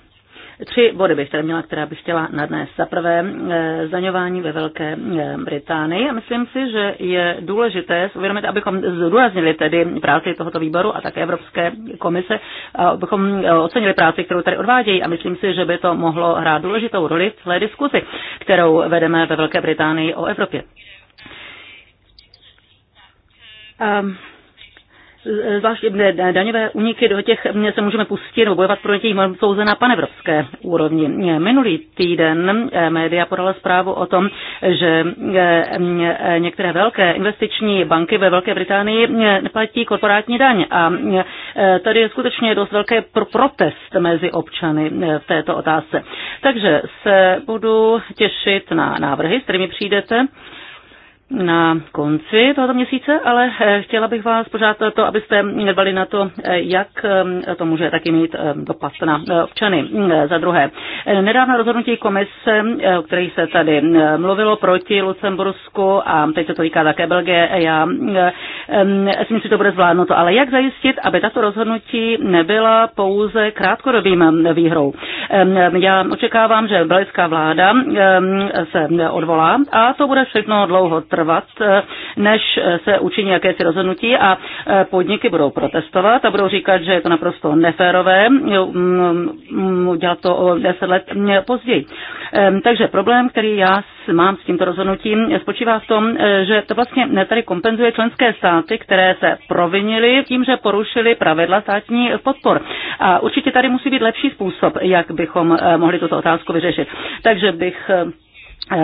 [SPEAKER 3] Tři body bych tady měla, která bych chtěla nadnést. Za prvé eh, zdaňování ve Velké eh, Británii. A myslím si, že je důležité uvědomit, abychom zdůraznili tedy práci tohoto výboru a také Evropské komise, abychom ocenili práci, kterou tady odvádějí. A myslím si, že by to mohlo hrát důležitou roli v celé diskuzi, kterou vedeme ve Velké Británii o Evropě. Ehm, zvlášť eh, daňové uniky do těch mm, se můžeme pustit nebo bojovat pro těch pouze na panevropské úrovni. Eh, minulý týden eh, média podala zprávu o tom, že mm, některé velké investiční banky ve Velké Británii neplatí korporátní daň a mm, tady je skutečně dost pro protest mezi občany v této otázce. Takže se budu těšit na návrhy, s kterými přijdete na konci tohoto měsíce, ale eh, chtěla bych vás pořád to, abyste dbali na to, eh, jak eh, to může taky mít dopad na občany. Za druhé, nedávno rozhodnutí komise, o které se tady mluvilo proti Lucembursku a teď se to týká také Belgie, já si myslím, že to bude zvládnuto, ale jak zajistit, aby tato rozhodnutí nebyla pouze krátkodobým výhrou? Já očekávám, že belgická vláda se odvolá a to bude všechno dlouho trvat trvat, eh, než eh, se učiní jakési rozhodnutí a eh, podniky budou protestovat a budou říkat, že je to naprosto neférové udělat mm, mm, to o deset let mm, později. Ehm, takže problém, který já mám s tímto rozhodnutím, spočívá v tom, že to vlastně tady kompenzuje členské státy, které se provinily tím, že porušili pravidla státní podpor. A určitě tady musí být lepší způsob, jak bychom mohli tuto otázku vyřešit. Takže bych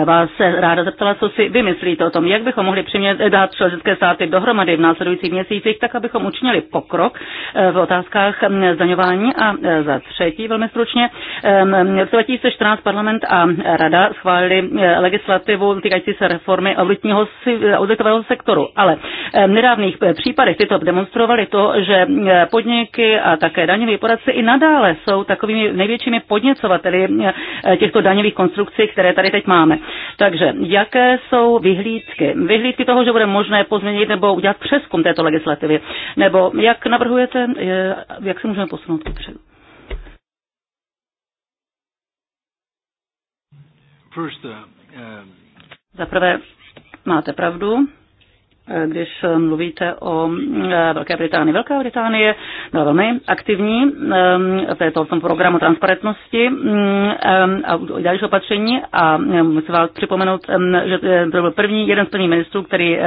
[SPEAKER 3] vás ráda zeptala, co si vymyslíte o tom, jak bychom mohli přimět eh, dát členské státy dohromady v následujících měsících, tak abychom učinili pokrok eh, v otázkách mm, zdaňování. A eh, za třetí, velmi stručně, ehm, v 2014 parlament a rada schválili legislativu týkající se reformy auditového sektoru. Ale ehm, v nedávných případech tyto demonstrovali to, že podniky a také daňoví poradci i nadále jsou takovými největšími podněcovateli těchto daňových konstrukcí, které tady teď máme. Takže jaké jsou vyhlídky? Vyhlídky toho, že bude možné pozměnit nebo udělat přeskum této legislativy? Nebo jak navrhujete, jak se můžeme posunout kupředu? Uh, um, Za prvé, máte pravdu když mluvíte o eh, Velké Británii. Velká Británie byla velmi aktivní eh, v, této, tom programu transparentnosti eh, a dalších opatření a musím vám připomenout, že to byl první, jeden z prvních ministrů, který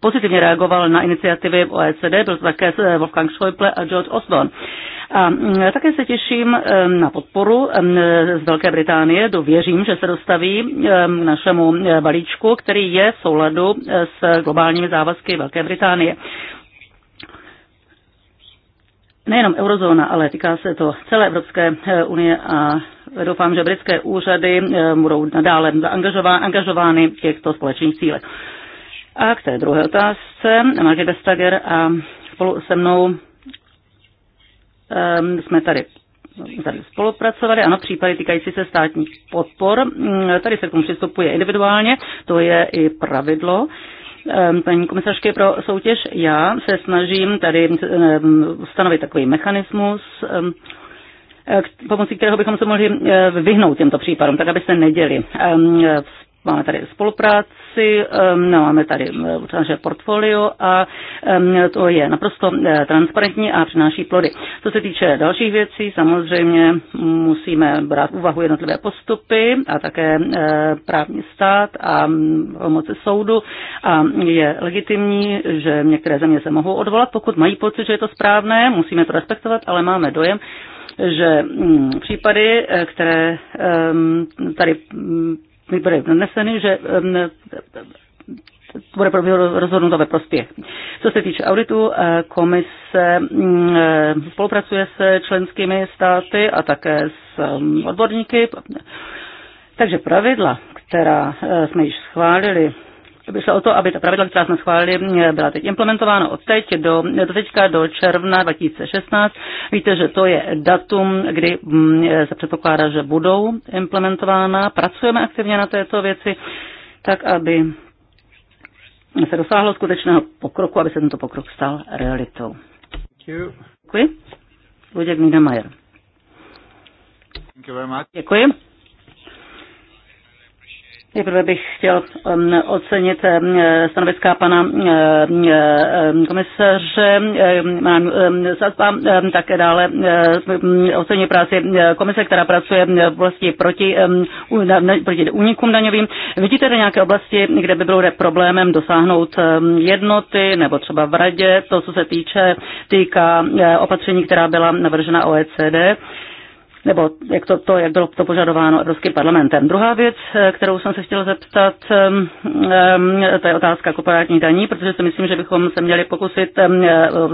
[SPEAKER 3] pozitivně reagoval na iniciativy OECD, byl to také Wolfgang Schäuble a George Osborne. A také se těším na podporu z Velké Británie. Dověřím, že se dostaví našemu balíčku, který je v souladu s globální globálními závazky Velké Británie. Nejenom eurozóna, ale týká se to celé Evropské eh, unie a eh, doufám, že britské úřady eh, budou nadále angažovány v těchto společných cílech. A k té druhé otázce, Margit Vestager a spolu se mnou jsme tady tady spolupracovali, ano, případy týkající se státních podpor. Mm, tady se k tomu přistupuje individuálně, to je i pravidlo paní komisařky pro soutěž. Já se snažím tady stanovit takový mechanismus, pomocí kterého bychom se mohli eh, vyhnout těmto případům, tak aby se neděli máme tady spolupráci, no, máme tady naše portfolio a to je naprosto eh, transparentní a přináší plody. Co se týče dalších věcí, samozřejmě musíme brát úvahu jednotlivé postupy a také eh, právní stát a mm, pomoci soudu a je legitimní, že některé země se mohou odvolat, pokud mají pocit, že je to správné, musíme to respektovat, ale máme dojem, že mm, případy, eh, které tady mm, byly naneseny, že bude rozhodnuto ve prospěch. Co se týče auditu, eh, komise mm, eh, spolupracuje se členskými státy a také s odborníky. Takže pravidla, která eh, jsme již schválili by šlo o to, aby ta pravidla, která jsme schválili, byla teď implementována od teď do, do teďka do června 2016. Víte, že to je datum, kdy mm, se předpokládá, že budou implementována. Pracujeme aktivně na této věci, tak aby se dosáhlo skutečného pokroku, aby se tento pokrok stal realitou. Děkuji. Luděk Niedermayer. Děkuji. Nejprve bych chtěl um, ocenit um, stanoviska pana um, komisaře Sadba, také dále ocení práci komise, která pracuje v oblasti proti, proti únikům daňovým. Vidíte tady nějaké oblasti, kde by bylo problémem dosáhnout jednoty nebo třeba v radě, to, co se týče, týká uh, opatření, která byla navržena OECD nebo jak to, to, jak bylo to požadováno Evropským parlamentem. Druhá věc, eh, kterou jsem se chtěla zeptat, ehm, ehm, to je otázka korporátní daní, protože si myslím, že bychom se měli pokusit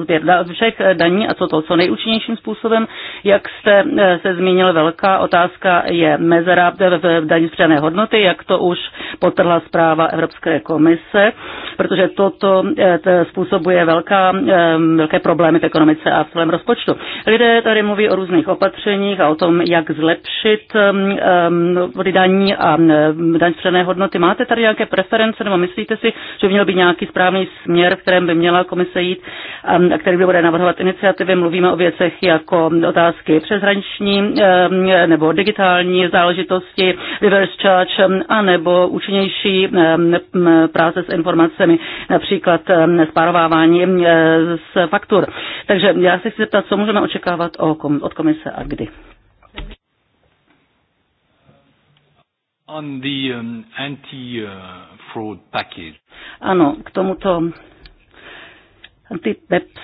[SPEAKER 3] sběr ehm, eh, všech daní a co to co nejúčinnějším způsobem. Jak jste eh, se zmínil, velká otázka je mezera v daní z hodnoty, jak to už potrhla zpráva Evropské komise protože toto eh, způsobuje velká, eh, velké problémy v ekonomice a v celém rozpočtu. Lidé tady mluví o různých opatřeních a o tom, jak zlepšit ehm, ehm, daní a ehm, daň z přené hodnoty. Máte tady nějaké preference nebo myslíte si, že by měl být nějaký správný směr, v kterém by měla komise jít a který by bude navrhovat iniciativy? Mluvíme o věcech jako otázky přeshraniční nebo digitální záležitosti, reverse charge a nebo účinnější práce s informacemi situacemi, například spárovávání e, z faktur. Takže já se chci zeptat, co můžeme očekávat od komise a kdy.
[SPEAKER 2] On
[SPEAKER 1] the um, anti-fraud package.
[SPEAKER 3] Ano, k tomuto anti-BEPS.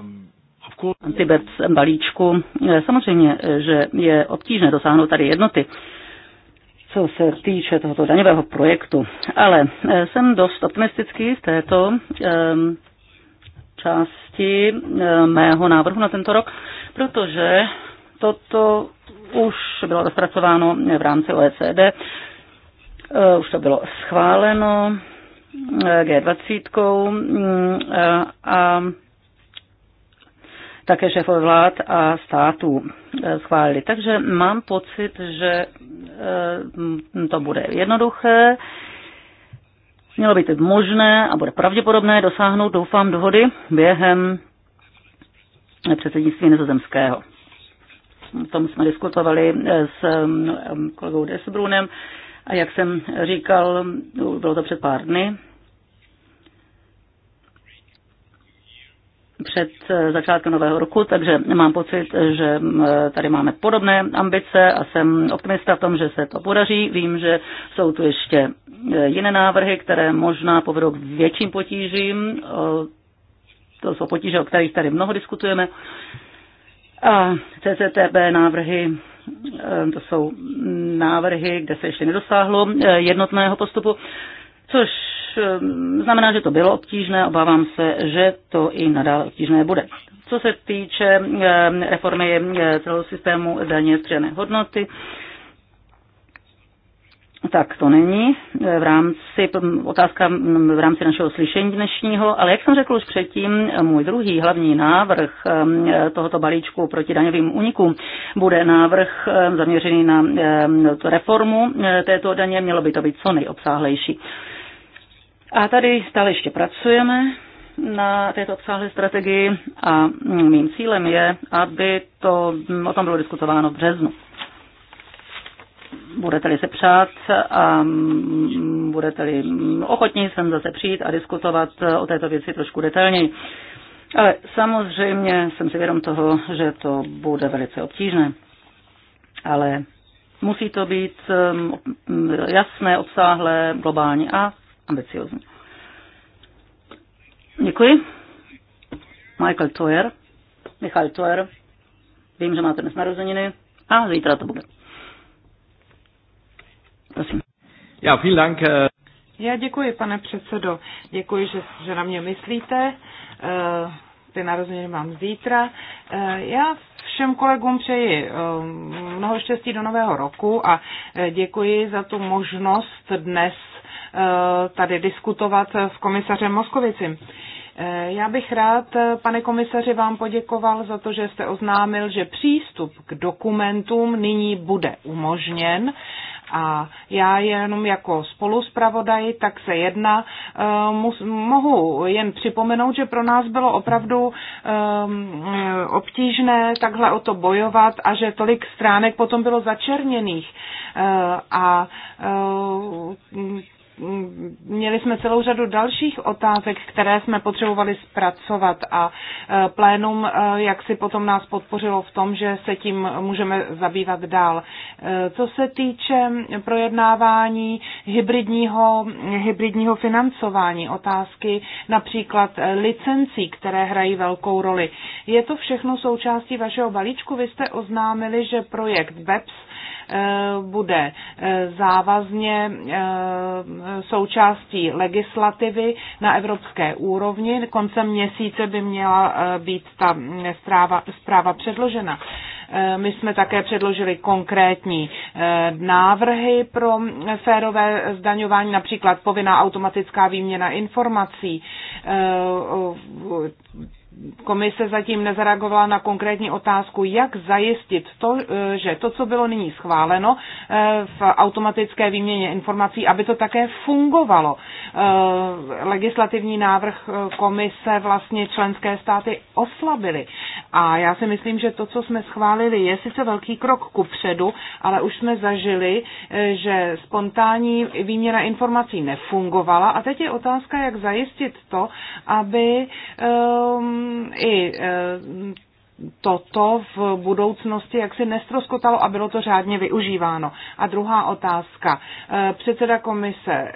[SPEAKER 3] Um, anti balíčku. E, samozřejmě, že je obtížné dosáhnout tady jednoty. Uh, co se týče tohoto daňového projektu. Ale eh, jsem dost optimistický v této ehm, části eh, mého návrhu na tento rok, protože toto už bylo rozpracováno v rámci OECD, eh, už to bylo schváleno G20 mm, a také šéfové vlád a států schválili. Takže mám pocit, že Eh, to bude jednoduché. Mělo by to možné a bude pravděpodobné dosáhnout, doufám, dohody během předsednictví nizozemského. O tom jsme diskutovali eh, s mm, eh, kolegou Desbrunem a jak jsem říkal, bylo to před pár dny, před eh, začátkem nového roku, takže mám pocit, že eh, tady máme podobné ambice a jsem optimista v tom, že se to podaří. Vím, že jsou tu ještě eh, jiné návrhy, které možná povedou k větším potížím. To jsou potíže, o kterých tady mnoho diskutujeme. A CCTB návrhy, to jsou návrhy, kde se ještě nedosáhlo jednotného postupu což ehm, znamená, že to bylo obtížné, obávám se, že to i nadále obtížné bude. Co se týče ehm, reformy ehm, celého systému daně střené hodnoty, tak to není eh, v rámci, otázka mm, v rámci našeho slyšení dnešního, ale jak jsem řekl už předtím, můj druhý hlavní návrh tohoto balíčku proti daňovým unikům bude návrh zaměřený na reformu eh, této daně, mělo by to být co nejobsáhlejší. A tady stále ještě pracujeme na této obsáhlé strategii a mým cílem je, aby to o tom bylo diskutováno v březnu. Budete-li se přát a budete-li ochotní sem zase přijít a diskutovat o této věci trošku detailněji. Ale samozřejmě jsem si vědom toho, že to bude velice obtížné. Ale musí to být um, jasné, obsáhlé, globální a ambiciozní. Děkuji. Michael Toyer. Michal Toyer. Vím, že máte dnes narozeniny a zítra to bude.
[SPEAKER 2] Prosím. Já, vielen Dank. Eh.
[SPEAKER 1] Já děkuji, pane předsedo. Děkuji, že, že na mě myslíte. Eh, ty narozeniny mám zítra. Eh, já všem kolegům přeji mnoho štěstí do nového roku a děkuji za tu možnost dnes Eh, tady diskutovat s komisařem Moskovicím. Eh, já bych rád, pane komisaři, vám poděkoval za to, že jste oznámil, že přístup k dokumentům nyní bude umožněn. A já jenom jako spoluspravodaj, tak se jedna, eh, mohu jen připomenout, že pro nás bylo opravdu obtížné takhle o to bojovat a že tolik stránek potom bylo začerněných. a měli jsme celou řadu dalších otázek, které jsme potřebovali zpracovat a e, plénum e, jak si potom nás podpořilo v tom, že se tím můžeme zabývat dál. E, co se týče projednávání hybridního, hybridního financování, otázky například licencí, které hrají velkou roli. Je to všechno součástí vašeho balíčku? Vy jste oznámili, že projekt BEPS Eh, bude eh, závazně eh, součástí legislativy na evropské úrovni. Koncem měsíce by měla být ta zpráva, zpráva předložena. My jsme také předložili konkrétní návrhy pro férové zdaňování, například povinná automatická výměna informací, Komise zatím nezareagovala na konkrétní otázku, jak zajistit to, eh, že to, co bylo nyní schváleno eh, v automatické výměně informací, aby to také fungovalo. Eh, legislativní návrh komise vlastně členské státy oslabily. A já si myslím, že to, co jsme schválili, je sice velký krok ku předu, ale už jsme zažili, že spontánní výměna informací nefungovala. A teď je otázka, jak zajistit to, aby um, i e, toto v budoucnosti jak se nestroskotalo a bylo to řádně využíváno. A druhá otázka. E, předseda komise e,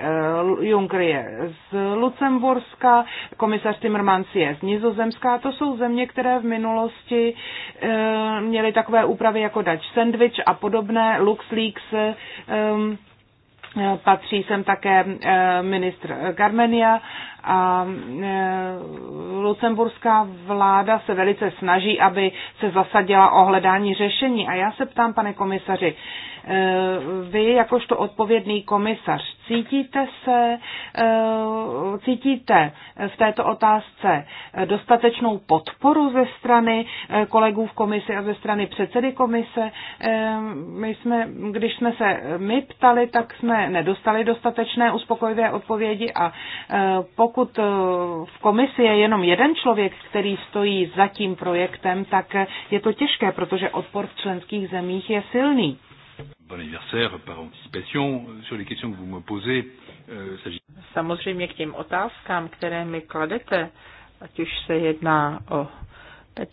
[SPEAKER 1] Juncker je z Lucemburska, komisař Timmermans je z Nizozemska. To jsou země, které v minulosti měly takové úpravy jako Dutch Sandwich a podobné LuxLeaks Patří sem také eh, ministr Garmenia a eh, lucemburská vláda se velice snaží, aby se zasadila o hledání řešení. A já se ptám, pane komisaři, Eh, vy jakožto odpovědný komisař cítíte se, eh, cítíte v této otázce dostatečnou podporu ze strany eh, kolegů v komisi a ze strany předsedy komise. My jsme, když jsme se my ptali, tak jsme nedostali dostatečné uspokojivé odpovědi a pokud v komisi je jenom jeden člověk, který stojí za tím projektem, tak je to těžké, protože odpor v členských zemích je silný
[SPEAKER 2] bon anniversaire par anticipation euh, sur les questions que vous me posez. Euh,
[SPEAKER 1] Samozřejmě k těm otázkám, které mi
[SPEAKER 2] kladete, ať už se jedná o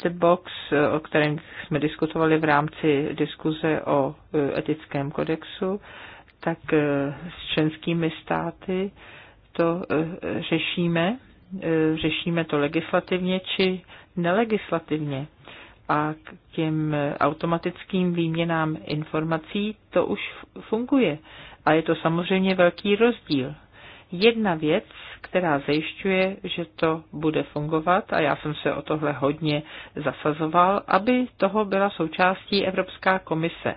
[SPEAKER 2] Petbox, o kterém jsme diskutovali v rámci diskuze o eh, etickém kodexu, tak eh, s členskými státy to eh, řešíme. Řešíme to legislativně či nelegislativně a k těm automatickým výměnám informací, to už funguje. A je to samozřejmě velký rozdíl. Jedna věc, která zajišťuje, že to bude fungovat, a já jsem se o tohle hodně zasazoval, aby toho byla součástí Evropská komise.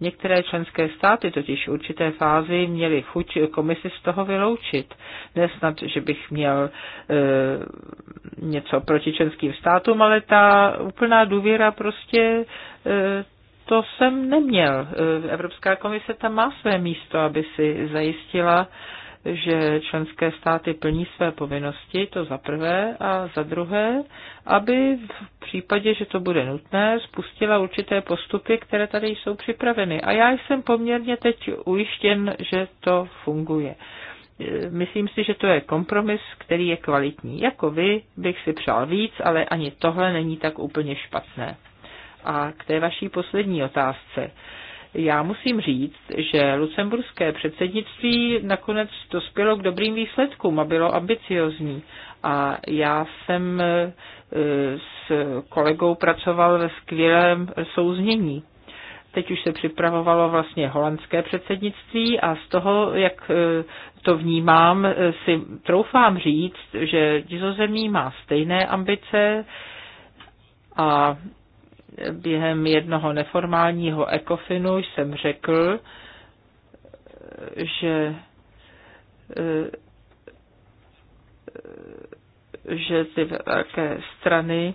[SPEAKER 2] Některé členské státy totiž v určité fázi měly chuť komisi z toho vyloučit. Nesnad, že bych měl e, něco proti členským státům, ale ta úplná důvěra prostě e, to jsem neměl. E, Evropská komise tam má své místo, aby si zajistila e, že členské státy plní své povinnosti, to za prvé, a za druhé, aby v případě, že to bude nutné, spustila určité postupy, které tady jsou připraveny. A já jsem poměrně teď ujištěn, že to funguje. Myslím si, že to je kompromis, který je kvalitní. Jako vy bych si přál víc, ale ani tohle není tak úplně špatné. A k té vaší poslední otázce. Já musím říct, že lucemburské předsednictví nakonec dospělo k dobrým výsledkům a bylo ambiciozní. A já jsem e, s kolegou pracoval ve skvělém souznění. Teď už se připravovalo vlastně holandské předsednictví a z toho, jak e, to vnímám, e, si troufám říct, že Dizozemí má stejné ambice a během jednoho neformálního ekofinu jsem řekl, že že ty velké strany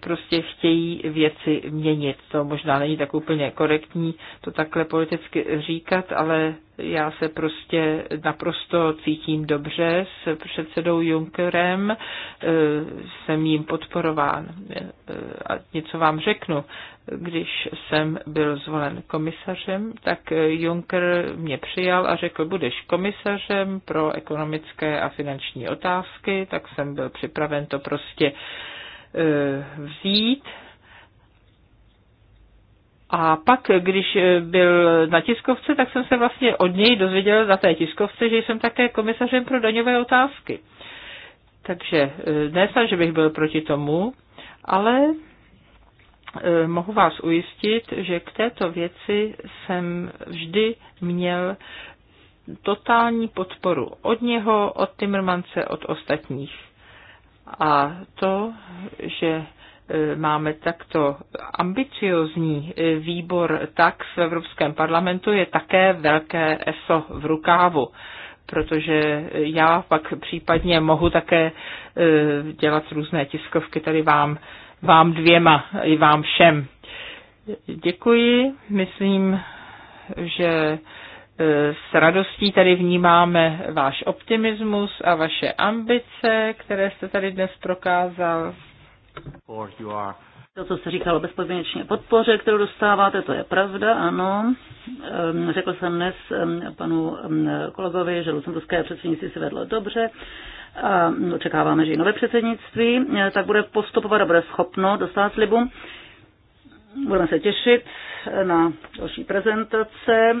[SPEAKER 2] prostě chtějí věci měnit. To možná není tak úplně korektní to takhle politicky říkat, ale já se prostě naprosto cítím dobře s předsedou Junckerem, e, jsem jím podporován. E, a něco vám řeknu, když jsem byl zvolen komisařem, tak Juncker mě přijal a řekl, budeš komisařem pro ekonomické a finanční otázky, tak jsem byl připraven to prostě Eh, vzít. A pak, když byl na tiskovce, tak jsem se vlastně od něj dozvěděl na té tiskovce, že jsem také komisařem pro daňové otázky. Takže eh, ne snad, že bych byl proti tomu, ale eh, mohu vás ujistit, že k této věci jsem vždy měl totální podporu od něho, od Timmermance, od ostatních. A to, že e, máme takto ambiciozní e, výbor tak v Evropském parlamentu, je také velké ESO v rukávu protože já pak případně mohu také e, dělat různé tiskovky tady vám, vám dvěma i vám všem. Děkuji, myslím, že E, s radostí tady vnímáme váš optimismus a vaše ambice, které jste tady dnes prokázal. To, co jste říkal o bezpodmínečné
[SPEAKER 3] podpoře, kterou dostáváte, to je pravda, ano. Ehm, řekl jsem dnes ehm, panu ehm, kolegovi, že lucemburské předsednictví se vedlo dobře a očekáváme, že i nové předsednictví eh, tak bude postupovat a bude schopno dostat slibu. Budeme se těšit na další prezentace eh,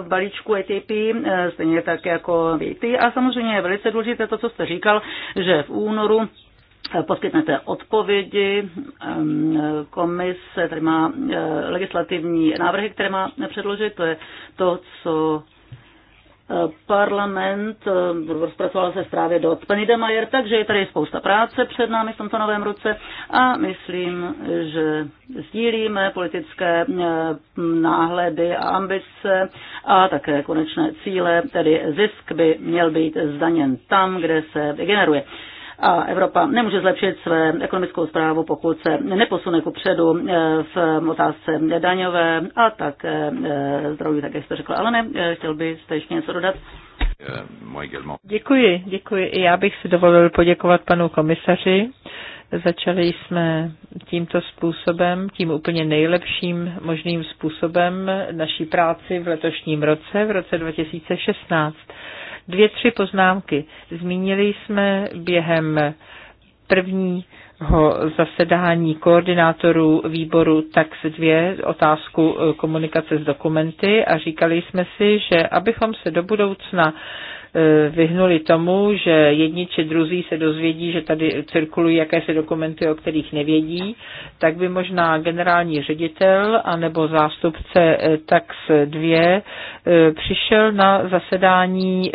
[SPEAKER 3] v balíčku ATP, eh, stejně tak jako VT. A samozřejmě je velice důležité to, co jste říkal, že v únoru eh, poskytnete odpovědi. Komise tady má legislativní návrhy, které má předložit. To je to, co Parlament eh, rozpracovala se zprávě do majer, takže je tady spousta práce před námi v tomto novém roce a myslím, že sdílíme politické eh, náhledy a ambice a také konečné cíle, tedy zisk by měl být zdaněn tam, kde se generuje. A Evropa nemůže zlepšit své ekonomickou zprávu, pokud se neposune ku předu eh, v otázce daňové a tak eh, eh, zdraví. tak jak jste řekl. Ale ne, chtěl byste ještě něco dodat?
[SPEAKER 2] Děkuji, děkuji. I já bych si dovolil poděkovat panu komisaři. Začali jsme tímto způsobem, tím úplně nejlepším možným způsobem naší práci v letošním roce, v roce 2016. Dvě, tři poznámky. Zmínili jsme během první zasedání koordinátorů výboru TAX 2 otázku eh, komunikace s dokumenty a říkali jsme si, že abychom se do budoucna E, vyhnuli tomu, že jedni či druzí se dozvědí, že tady cirkulují jakési dokumenty, o kterých nevědí, tak by možná generální ředitel anebo zástupce e, TAX 2 e, přišel na zasedání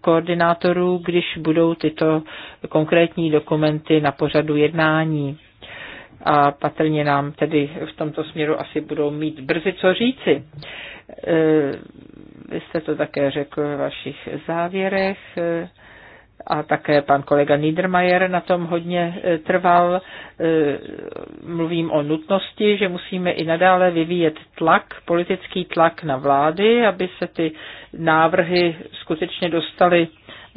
[SPEAKER 2] koordinátorů, když budou tyto konkrétní dokumenty na pořadu jednání a patrně nám tedy v tomto směru asi budou mít brzy co říci. Vy jste to také řekl ve vašich závěrech eh, a také pan kolega Niedermayer na tom hodně eh, trval. Eh, mluvím o nutnosti, že musíme i nadále vyvíjet tlak, politický tlak na vlády, aby se ty návrhy skutečně dostaly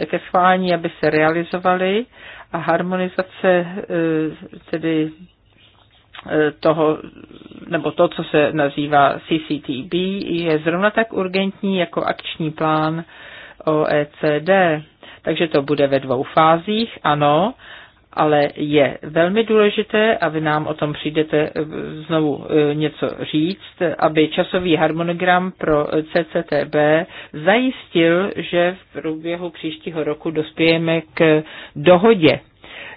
[SPEAKER 2] ke schválení, aby se realizovaly a harmonizace tedy E, toho, nebo to, co se nazývá CCTB, je zrovna tak urgentní jako akční plán OECD. Takže to bude ve dvou fázích, ano, ale je velmi důležité, a vy nám o tom přijdete e, znovu e, něco říct, aby časový harmonogram pro CCTB zajistil, že v průběhu příštího roku dospějeme k dohodě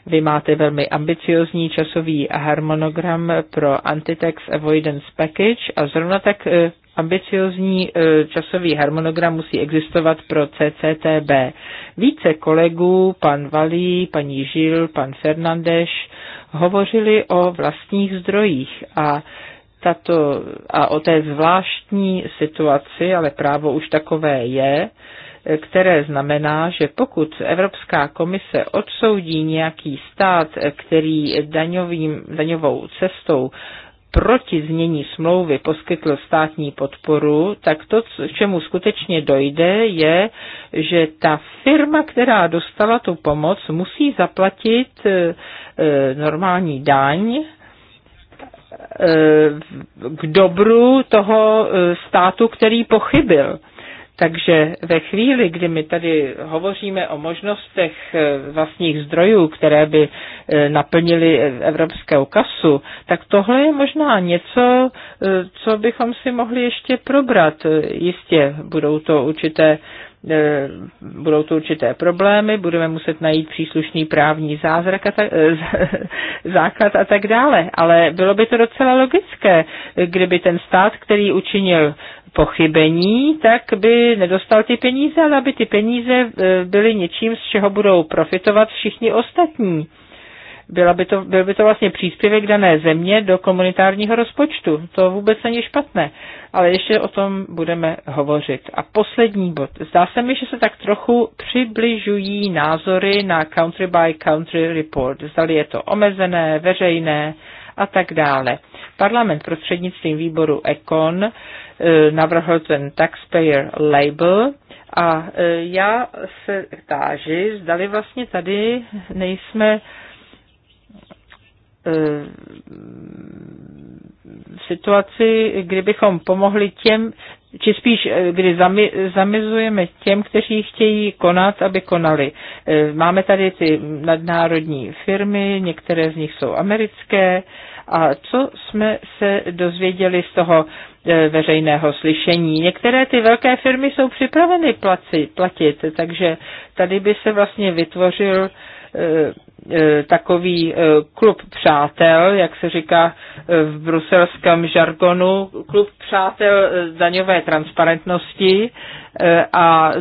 [SPEAKER 2] vy máte velmi ambiciozní časový harmonogram pro Antitex Avoidance Package a zrovna tak eh, ambiciozní eh, časový harmonogram musí existovat pro CCTB. Více kolegů, pan Valí, paní Žil, pan Fernandeš, hovořili o vlastních zdrojích a tato, a o té zvláštní situaci, ale právo už takové je, které znamená, že pokud Evropská komise odsoudí nějaký stát, který daňovým, daňovou cestou proti znění smlouvy poskytl státní podporu, tak to, k čemu skutečně dojde, je, že ta firma, která dostala tu pomoc, musí zaplatit e, e, normální daň e, k dobru toho státu, který pochybil. Takže ve chvíli, kdy my tady hovoříme o možnostech eh, vlastních zdrojů, které by eh, naplnili evropskou kasu, tak tohle je možná něco, eh, co bychom si mohli ještě probrat. Jistě budou to určité budou to určité problémy, budeme muset najít příslušný právní zázrak a tak, základ a tak dále. Ale bylo by to docela logické, kdyby ten stát, který učinil pochybení, tak by nedostal ty peníze, ale aby ty peníze e, byly něčím, z čeho budou profitovat všichni ostatní. Byla by to, byl by to vlastně příspěvek dané země do komunitárního rozpočtu. To vůbec není špatné, ale ještě o tom budeme hovořit. A poslední bod. Zdá se mi, že se tak trochu přibližují názory na country by country report. Zdali je to omezené, veřejné a tak dále. Parlament prostřednictvím výboru ECON E, navrhl ten taxpayer label, a e, já se táži, zdali vlastně tady nejsme e, v situaci, kdybychom pomohli těm, či spíš, kdy zamizujeme těm, kteří chtějí konat, aby konali. Máme tady ty nadnárodní firmy, některé z nich jsou americké, a co jsme se dozvěděli z toho e, veřejného slyšení? Některé ty velké firmy jsou připraveny placi, platit, takže tady by se vlastně vytvořil e, e, takový klub přátel, jak se říká v bruselském žargonu, klub přátel daňové transparentnosti a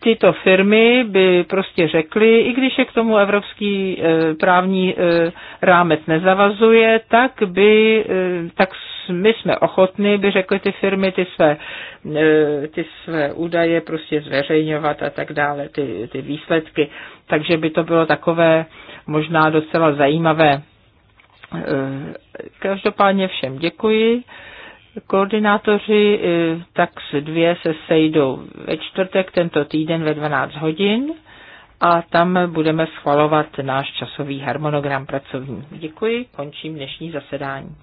[SPEAKER 2] tyto firmy by prostě řekly, i když je k tomu evropský e, právní e, rámec nezavazuje, tak by, e, tak my jsme ochotni, by řekly ty firmy, ty své, ty své údaje prostě zveřejňovat a tak dále, ty, ty výsledky. Takže by to bylo takové možná docela zajímavé. Každopádně všem děkuji. Koordinátoři eh, tax 2 se sejdou ve čtvrtek tento týden ve 12 hodin a tam budeme schvalovat náš časový harmonogram pracovní. Děkuji, končím dnešní zasedání.